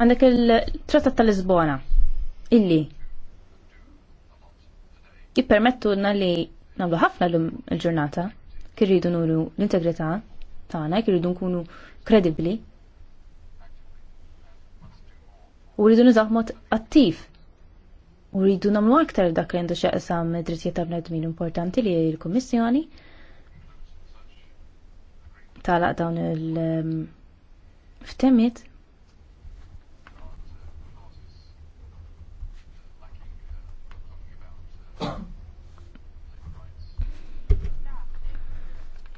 Għandek il-Trattat tal-Lisbona illi jippermettu na li nagħmlu ħafna l il-ġurnata kirridu nuru l-integrità tagħna, kirridu nkunu kredibbli u rridu nizaħ attiv u rridu namlu aktar dak li għandu xaqsam drittijiet ta' bnedmin importanti li l komissjoni talaq dawn il-ftemiet ehm,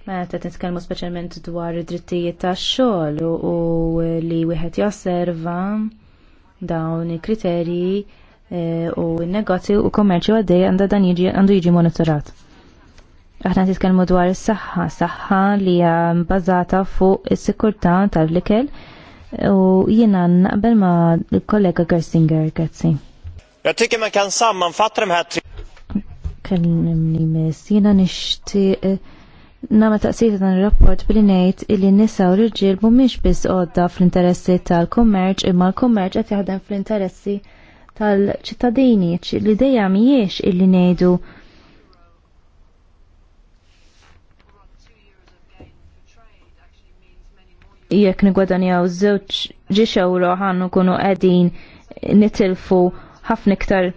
Meta mela, titkellmu speċjalment dwar id-drittijiet tax-xogħol u li wieħed josserva dawn il-kriterji e, u n-negozju u kommerċju għaddej għandha dan għandu jiġi monitorat. Aħna titkellmu dwar is-saħħa, saħħa li hija bbażata fuq is-sikurtà tal-ikel u jiena naqbel ma' kollega Gersinger, grazzi. Jag tycker man kan sammanfatta de här tre kellimni mis. Jena nishtiq eh, Nama taqsita dan il-rapport billi ngħid illi nisa u l-irġiel mhumiex biss għodda fl-interessi tal-kummerċ imma l-kummerċ qed jaħdem fl-interessi tal-ċittadini li dejjem mhijiex illi ngħidu jekk nigwadanjaw żewġ ġiex euro ħannu kunu qegħdin nitilfu ħafna iktar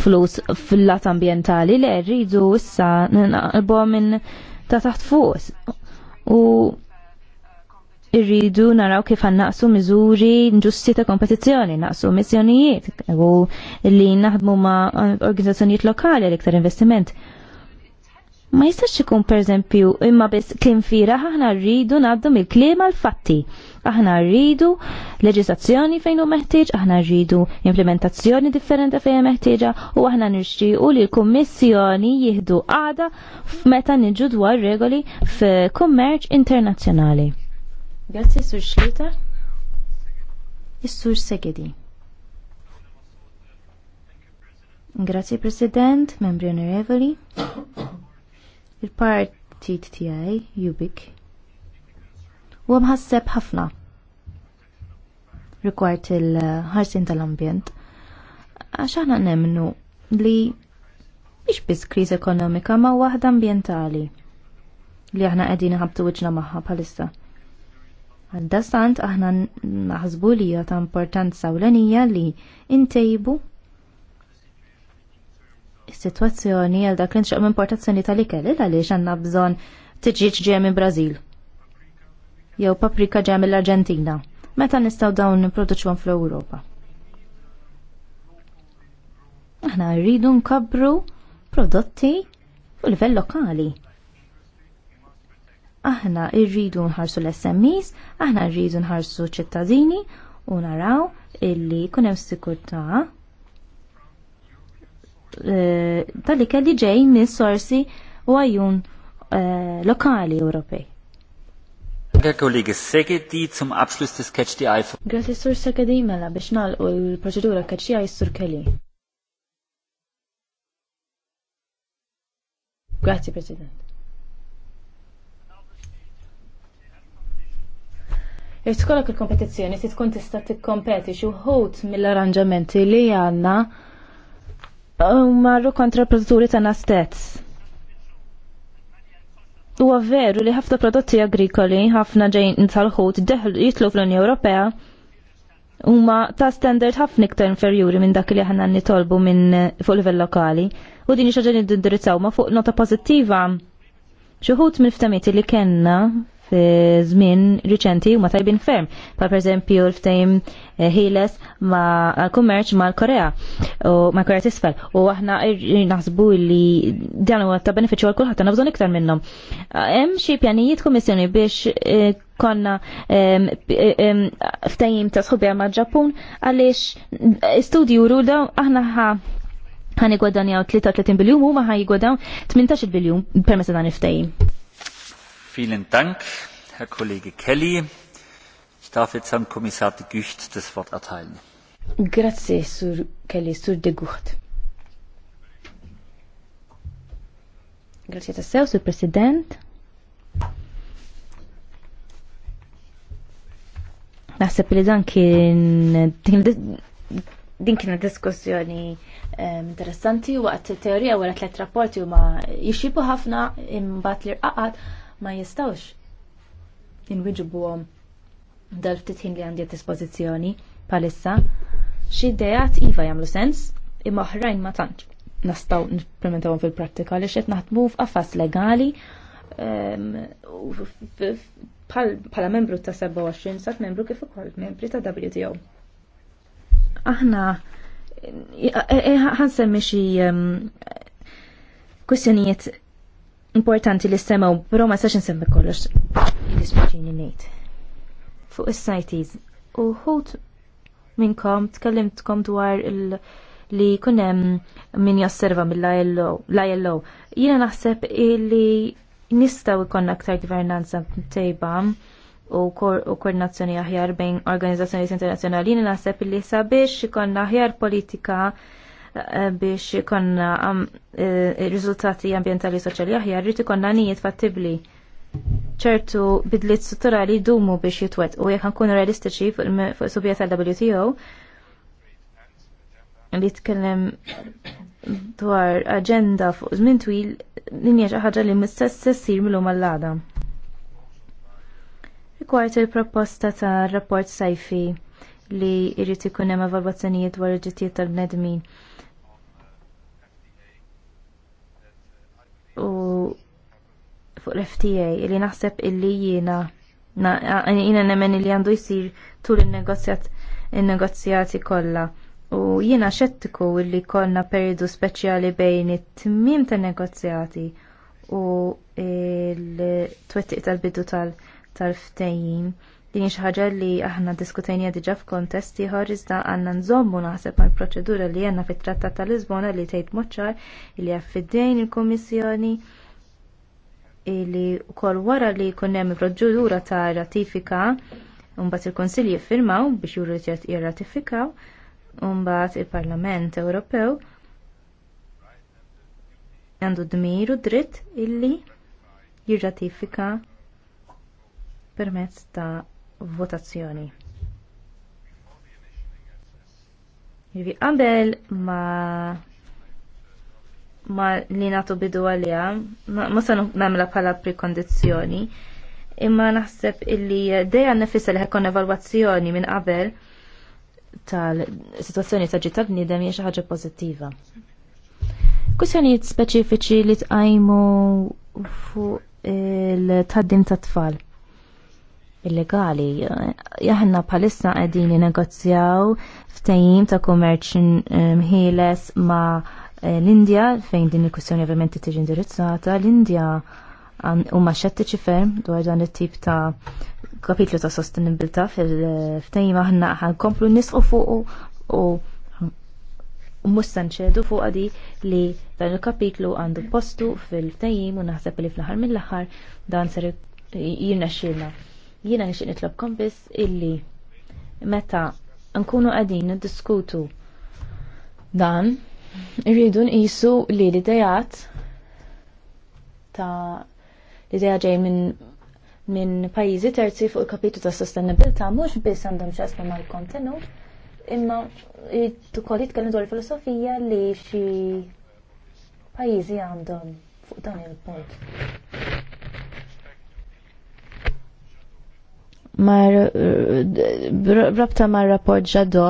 flus fil-lat ambientali li rridu issa naqbu minn ta' taħt fuq. U irridu naraw kif naqsu miżuri ġusti ta' kompetizzjoni, naqsu missjonijiet u li naħdmu ma' organizzazzjonijiet lokali l-iktar investiment. Ma jistax ikun per imma biss klim fira ħahna rridu naddu mill-kliem għal-fatti aħna rridu leġislazzjoni fejn hu meħtieġ, aħna rridu implementazzjoni differenti fejn meħtieġa u aħna nixtiequ li l-Kummissjoni jieħdu għada meta niġu dwar regoli f'kummerċ internazzjonali. Grazzi Sur Xlita. Is-Sur Segedi. Grazzi President, membri onorevoli. Il-partit tiegħi Jubik. U mħasseb ħafna rigward il-ħarsin tal-ambjent. Għax aħna nemnu li biex biz kriż ekonomika ma waħda ambjentali li aħna qegħdin ħabtu wiċċna magħha bħalissa. Għaldastant aħna naħsbu li ta' importanza ewlenija li intejbu is-sitwazzjoni għal dak li nxaqm importazzjoni tal-ikel għaliex għandna bżonn tiġiġ ġej minn Brażil. Jew paprika ġem l arġentina meta nistgħu dawn nipproduċuhom fl-Ewropa. Aħna rridu nkabbru prodotti fuq livell lokali. Aħna rridu nħarsu l-SMEs, aħna rridu nħarsu ċittadini u naraw illi kunem hemm sikurtà eh, tal li kelli ġej mis sorsi u għajjun eh, lokali Ewropej. Danke, kollegi Segedi, zum Abschluss des Catch the Eye. Grazie, Sur Segedi, mela biex nalqu il proċedura Catch the Eye, Sur Kelly. Grazie, President. Irrid tkollok il-kompetizzjoni se tkun tista' tikkompeti xi wħud mill-arranġamenti li għandna marru kontra l-produtturi tagħna stess. Huwa veru li ħafna prodotti agrikoli, ħafna ġejn tal-ħut deħlu jitlu fl-Unja Ewropea huma ta' standard ħafna iktar inferjuri minn dak li aħna nitolbu minn fuq livell lokali. U din xi ġejn ma' fuq nota pożittiva. Xi ħut mill-ftamieti li kellna fi żmien riċenti u ma tajbin ferm, pa per eżempju l-ftejm eh, ħiles ma kummerċ ma l-Korea u ma Korea tisfel u aħna naħsbu li dan huwa ta' beneficju għal kulħadd nabżon iktar minnhom. Hemm xi pjanijiet kummissjoni biex eh, konna ehm, ehm, ftejim ta' sħubja ma' Ġappun għaliex eh, studju ruda aħna ħa ħan igodanjaw 33 biljum u ma ħaj 18 biljum permessa dan iftajim. Vielen Dank, Herr Kollege Kelly. Ich darf jetzt Herrn Kommissar de Gucht das Wort erteilen. Grazie, Sir Kelly, Sir de Gucht. Grazie a te, Sir President. Naħseb se dan kien din kienet diskussjoni ehm, interessanti waqt teorija wara tliet rapporti ma jixxibu ħafna imbagħad li rqaqat ma jistawx għom dal-ftit ħin li għandi dispożizzjoni palissa. Xi ideat iva jagħmlu sens, imma oħrajn ma tantx nistgħu nimplementawhom fil-prattika li qed naħdmu f'affas legali ehm, bħala membru ta' 27 sat membru kif ukoll membri ta' WTO. Aħna eh, eh, ħansemmi xi ehm, kwistjonijiet importanti li stemmaw, pero ma xin semmi kollox il-ispaċini nejt. Fuq is-sajtiz, uħut minnkom tkellimtkom dwar il- li kunem min jasserva mill-ILO. Jina naħseb li nistaw ikonna aktar gvernanza tejba u, kor u koordinazzjoni aħjar bejn organizzazzjoni internazzjonali. Jina naħseb li sabiex ikonna aħjar politika Eh, biex ikonna eh, riżultati ambientali soċjali aħjar, rrid ikonna nijiet fattibli ċertu bidliet strutturali jdumu biex jitwet u jekk nkunu realistiċi fuq subjet tal-WTO li tkellem dwar aġenda fuq żmien twil linja xi ħaġa li mistess issir mill-lum għall-għada. Rikward il-proposta ta' rapport sajfi li jrid ikun hemm evalwazzjonijiet dwar il-ġittijiet tal-bnedmin fuq l-FTA li naħseb illi jiena jiena nemmen li għandu jisir tul il negozjati kollha. U jiena xettiku illi konna periodu speċjali bejn it-tmim tan negozjati u il-twettiq tal-bidu tal-ftejjin. Din xi ħaġa li aħna diskutejnija diġà f'kontesti ieħor iżda għandna nżommu naħseb mal-proċedura li għandna fit-Trattat tal-Lisbona li tgħid moċċar li għaffidejn il-Kummissjoni il kummissjoni li wkoll wara li jkun hemm ta' ratifika mbagħad il-Kunsill jiffirmaw biex juru jirratifikaw mbagħad il-Parlament Ewropew għandu dmir u dritt illi jirratifika permezz ta' votazzjoni. Jivi qabel ma' ma li natu bidu għalija, ma sanu namla pala prekondizjoni, imma naħseb illi dejja nefissa li ħekon evalwazzjoni minn qabel tal-situazzjoni ta' ġitta b'nidem hija xi ħaġa pożittiva. Kwistjonijiet speċifiċi li tqajmu fuq il-taddim ta' tfal illegali. Jaħna bħalissa qegħdin negozjaw ftehim ta' kummerċ mħieles ma' Eh, l-Indja fejn din il-kwistjoni ovvjament tiġi indirizzata, l-Indja huma xettiċi ferm dwar dan it-tip ta' kapitlu ta' sostenibilità fil-ftejma aħna ħankomplu nisqu fuq u mustan ċedu fuq għadi li dan il-kapitlu għandu postu fil-ftajim u naħseb li fl-ħar mill-ħar dan ser jirna xilna. Jina nixin nitlob kompis illi meta nkunu għadin diskutu dan Irridu nqisu li l-idejat ta' l-ideja ġej minn minn pajjiżi terzi fuq il-kapitlu ta' sostenibilità mhux biss għandhom x'asma mal-kontenut, imma ukoll jitkellem dwar il-filosofija li xi pajjiżi għandhom fuq dan il-punt. Mar rabta mar rapport ġado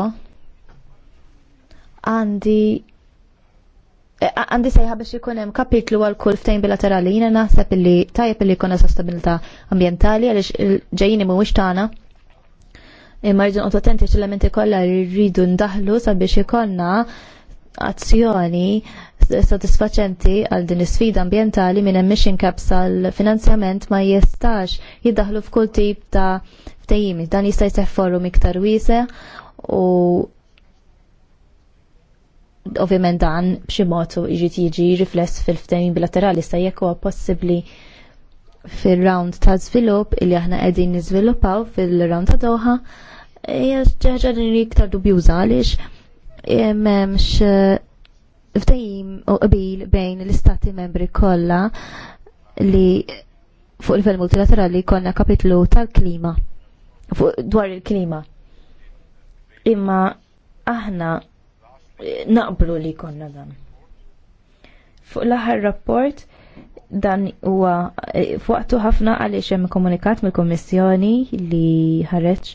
għandi Eh, għandi sejħa biex ikun hemm kapitlu għal kull ftejn bilaterali jiena naħseb li tajjeb illi jkun sostabilità ambjentali għaliex ġejjini wix tagħna. Imma rridu noqgħod attenti x'elementi kollha li rridu ndaħlu sabiex ikollna azzjoni sodisfaċenti għal din is-sfida ambjentali minn hemm caps għal finanzjament ma jistax jiddaħlu f'kull tip ta' ftejjimi. Dan jista' jseħħ forum iktar wiese' u ovvjament dan b'xi mod jiġi tiġi rifless fil-ftehim bilaterali sa jekk huwa possibbli fil-round ta' żvilupp illi aħna qegħdin niżviluppaw fil-round ta' Doha hija ġeġa li iktar dubjuża għaliex m'hemmx eh, ftehim u qbil bejn l-istati membri kollha li fuq il-vel multilaterali konna kapitlu tal-klima dwar il-klima imma aħna naqblu li konna dan. Fuq l-aħħar rapport dan huwa eh, fuqtu ħafna għaliex hemm komunikat mill-Kummissjoni li ħareġ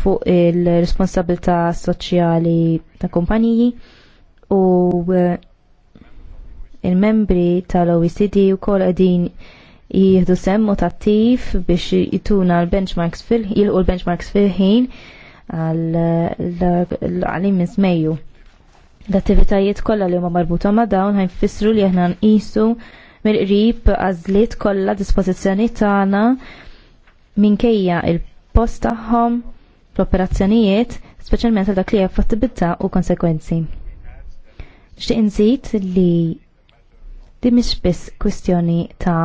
fuq il-responsabilità soċjali ta' kumpaniji u eh, il-membri tal-OECD u kol għedin jihdu semmu tattif biex jituna l-benchmarks fil-ħin, l-benchmarks fil-ħin għal-għalim minn L-attivitajiet kollha li huma marbuta ma' dawn ħajfissru li aħna nqisu mill-qrib għażliet kollha dispożizzjoni tagħna minkejja il-post tagħhom l-operazzjonijiet, speċjalment għal dak li hija fattibilità u konsekwenzi. Xtieq inżid li din mhix biss kwistjoni ta'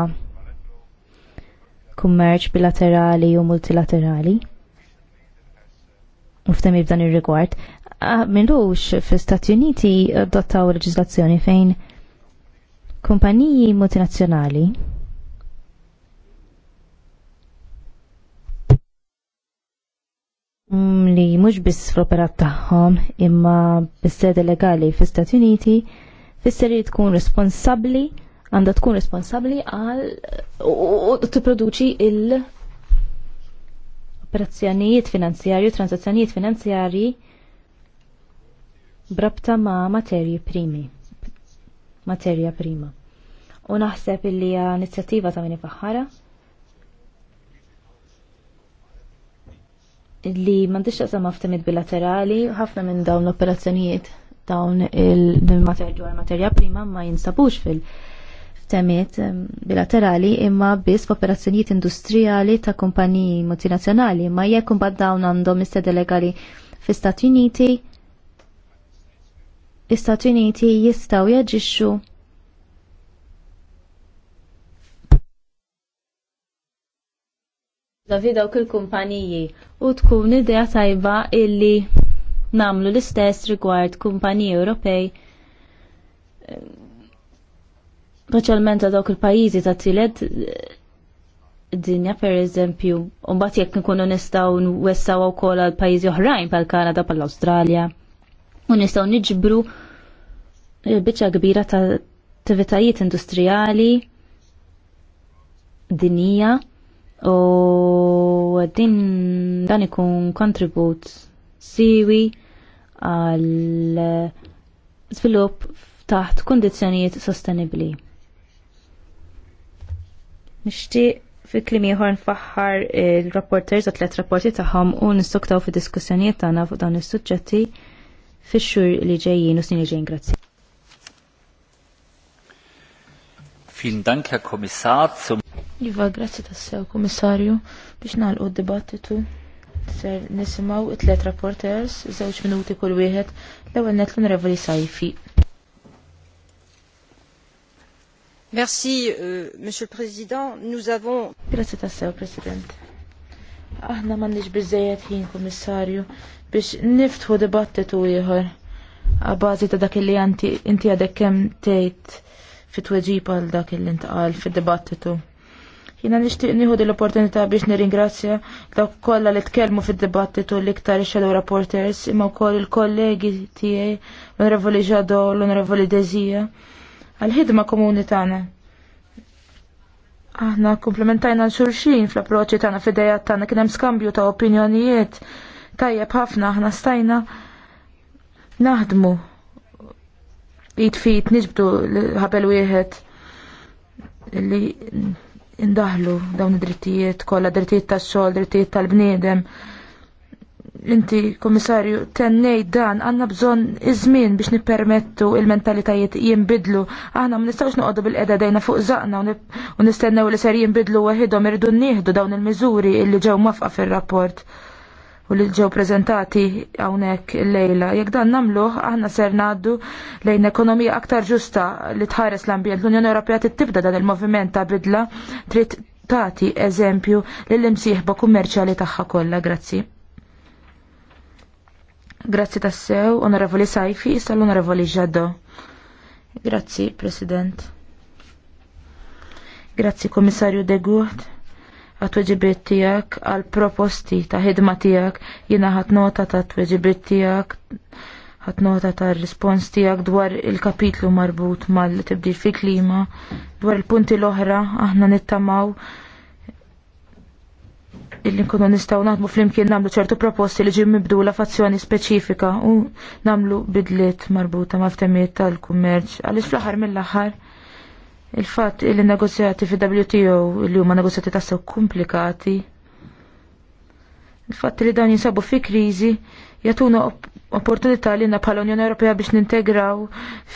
kummerċ bilaterali u multilaterali. U ftemi f'dan ir-rigward, għamilux fi Stati Uniti adottaw leġislazzjoni fejn kumpaniji multinazzjonali mm, li mhux biss fl-operat tagħhom imma bis-sede legali fi Stati Uniti fisser li tkun responsabbli għandha tkun responsabbli għal u tipproduċi il operazzjonijiet finanzjarji, transazzjonijiet finanzjarji brabta ma' materji primi. Materja prima. U naħseb illi hija inizjattiva ta' minni faħħara li m'għandix taqsam ftehmiet bilaterali ħafna minn dawn l-operazzjonijiet dawn il-materja prima ma jinsabux fil- temiet ehm, bilaterali imma biss f'operazzjonijiet industrijali ta' kumpaniji multinazzjonali ma jekk imbagħad dawn għandhom istede legali fl-Istati Uniti Istati Uniti jistaw jaġixxu Davida u kull kumpaniji u tkun idea tajba illi namlu l-istess rigward kumpaniji Ewropej Speċjalment ta' dawk il-pajjiżi ta' tielet eh, dinja per eżempju, u mbagħad jekk nkunu nistgħu u wkoll għal pajjiżi oħrajn pal Kanada bħal Awstralja u nistgħu niġbru eh, biċċa kbira ta' attivitajiet industrijali dinija u din dan ikun kontribut siwi għal eh, svilup taħt kondizjonijiet sostenibli. Nixtieq fi klimi ħor nfaħħar il-rapporters u tliet rapporti tagħhom u nistoktaw fi diskussjonijiet taħna fuq dawn is-suġġetti fix-xhur li ġejjin u snin li ġejjin. Grazzi. Fin Dank, Herr Kommissar. Zum Iva, grazzi tassew, Kommissarju, biex nalqu d-dibattitu. Ser nisimaw it let rapporters, żewġ minuti kull wieħed, l ewel net l-Onorevoli Sajfi. Merci, euh, Monsieur le Président. Nous avons. Grazie tassew, President. Aħna m'għandniex biżejjed ħin, Kommissarju, biex niftħu dibattitu ieħor bażi ta' dak li inti għadek kemm tgħid fit-tweġib għal dak li intqal fid-dibattitu. Jina nixtieq nieħu l-opportunità biex nirringrazzja dawk kollha li tkellmu fid-dibattitu l-iktar shadow reporters imma wkoll il-kollegi tiegħi l-Onorevoli Ġado l-Onorevoli Dezija għal-ħidma komuni tagħna. Aħna komplementajna l-xulxin fl-approċċi tagħna f'idejat tagħna kien hemm skambju ta' opinjonijiet tajjeb ħafna aħna stajna naħdmu jitfit niġbdu ħabel wieħed li indaħlu dawn id-drittijiet kollha drittijiet tax-xogħol, drittijiet tal-bniedem. Inti, komissarju, tennej dan għandna bżonn iż-żmien biex nippermettu il-mentalitajiet jinbidlu. Aħna ma nistgħux noqogħdu bil-qeda dejna fuq żaqna u nistennew li ser jinbidlu waħidhom iridu nieħdu dawn il-miżuri illi ġew mafqa fir-rapport u li ġew prezentati hawnhekk lejla Jekk dan nagħmluh aħna ser ngħaddu lejn ekonomija aktar ġusta li tħares l-ambjent. L-Unjoni Ewropea tibda dan il-moviment ta' bidla trid tagħti eżempju lill-imsieħba kummerċjali tagħha kollha. Grazzi. Grazzi tassew, onorevoli Sajfi, issa l-onorevoli Ġaddo. Grazzi, President. Grazzi, Komissarju Degut għat-tweġibiet tiegħek għal proposti ta' ħidma tiegħek jiena ħadd nota ta' tweġibiet tiegħek ħat nota ta' rispons tiegħek dwar il-kapitlu marbut mal-tibdil fi klima dwar il-punti l-oħra aħna nittamaw illi nkunu nistaw naħdmu flimkien namlu ċertu proposti li ġim la fazzjoni speċifika u namlu bidliet marbuta mal-ftemiet tal-kummerċ. Għalix fl-ħar mill-ħar Il-fatt il negozjati fi WTO li huma negozjati tassew komplikati. Il-fatt li dan jinsabu fi kriżi jatuna opportunità li na bħala Unjoni Ewropea biex nintegraw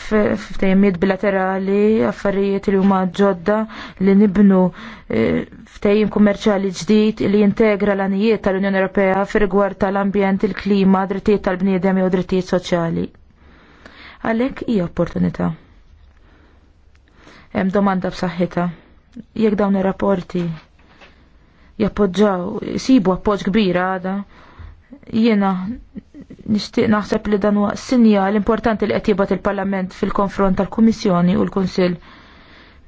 f'tejmiet bilaterali, affarijiet li huma ġodda li nibnu eh, f'tejjim kummerċjali ġdid li jintegra l-anijiet tal-Unjoni Ewropea fir-rigward tal-ambjent, il-klima, drittijiet tal-bniedem jew drittijiet soċjali. Għalhekk hija opportunità hemm domanda b'saħħitha. Jekk dawn ir-rapporti jappoġġaw, sibu appoġġ kbir għada, jiena nixtieq naħseb li dan huwa sinjal importanti li qed jibgħat il-Parlament fil-konfront tal-Kummissjoni u l-Kunsill.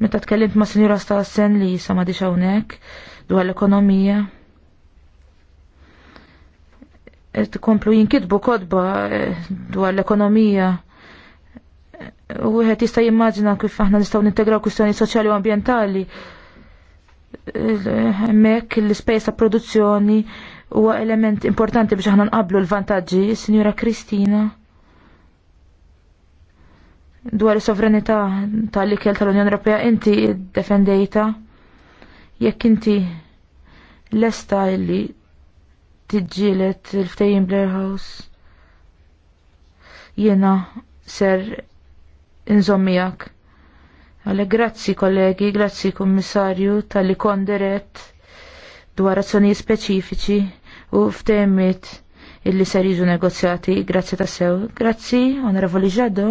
Meta tkellimt ma' Sinjura Stassen li jisa ma' hawnhekk dwar l-ekonomija. Qed komplu jinkitbu kodba eh, dwar l-ekonomija u wieħed jista' jimmaġina kif aħna nistgħu nintegraw kwistjoni soċjali u ambjentali. Hemmhekk l-ispejjeż ta' produzzjoni huwa element importanti biex aħna nqablu l-vantaġġi, Signora Kristina. Dwar is-sovranità tal-ikel tal-Unjoni Ewropea inti defendejta jekk inti lesta illi tiġġielet il ftejim Blair House jiena ser inżommijak. Għale grazzi kollegi, grazzi kummissarju tal-li konderet dwar azzjoni speċifiċi u f'temmit illi ser jiġu negozjati, grazzi ta' sew. Grazzi, onorevoli Ġaddo,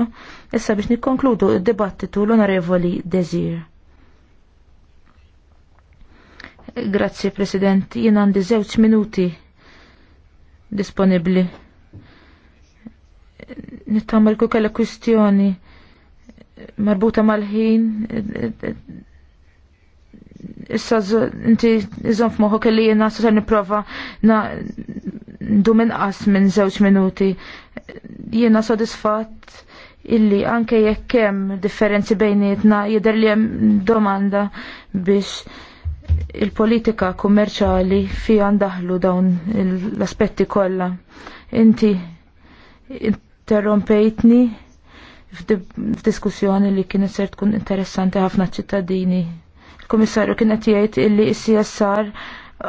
issa biex nikkonkludu il dibattitu l-onorevoli Desir. Grazzi, President, jien għandi żewġ minuti disponibli. Nittamalku kull kella kwistjoni marbuta mal-ħin, issa inti iżon f'moħu kelli jena s-sar niprofa ndu minn qas minn zewċ minuti. Jena sodisfat illi anke jekk kemm differenzi bejnietna jidher li hemm domanda biex il-politika kummerċali fija ndaħlu dawn l-aspetti kollha. Inti interrompejtni f'diskussjoni li kienet ser tkun interessanti ħafna ċittadini. Il-Komissarju kien qed jgħid illi s-CSR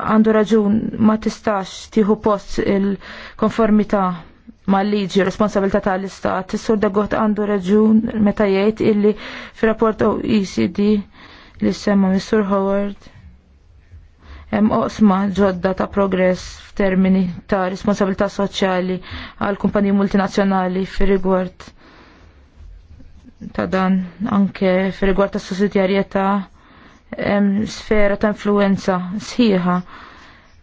għandu raġun ma tistax tieħu post il-konformità mal-liġi u responsabilità tal-istat. Is-sur Dagot għandu raġun meta jgħid illi fir-rapport OECD li semma Mr. Howard hemm oqsma ġodda ta' progress f'termini ta' responsabilità soċjali għal kumpaniji multinazzjonali fir rigward ta' dan anke fil-rigward ta' sussidjarjetà hemm sfera ta' influenza sħiħa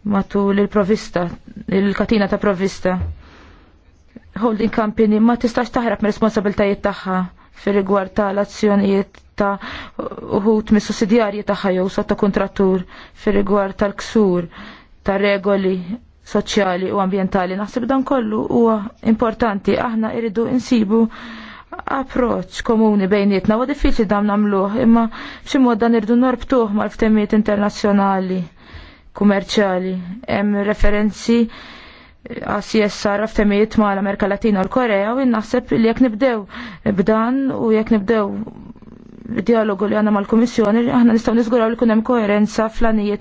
matul il-provista, il-katina ta' provista. Holding company ma tistax taħrab mir-responsabiltajiet tagħha fil-rigward ta' l-azzjonijiet ta' uħut mis sussidjarji tagħha jew sotto kontrattur fil-rigward tal-ksur ta' regoli soċjali u ambientali. Naħseb dan kollu huwa importanti aħna irridu insibu approċ komuni bejnietna u diffiċli dam namluħ imma b'xi mod dan irdu norbtuħ mal ftemiet internazzjonali kummerċjali. Hemm referenzi għas jessar ftemijiet ma' l-Amerika Latina u l-Korea u naħseb li jekk nibdew b'dan u jekk nibdew dialogu li għanna mal-Komissjoni, aħna nistaw nizguraw li kunem koerenza fl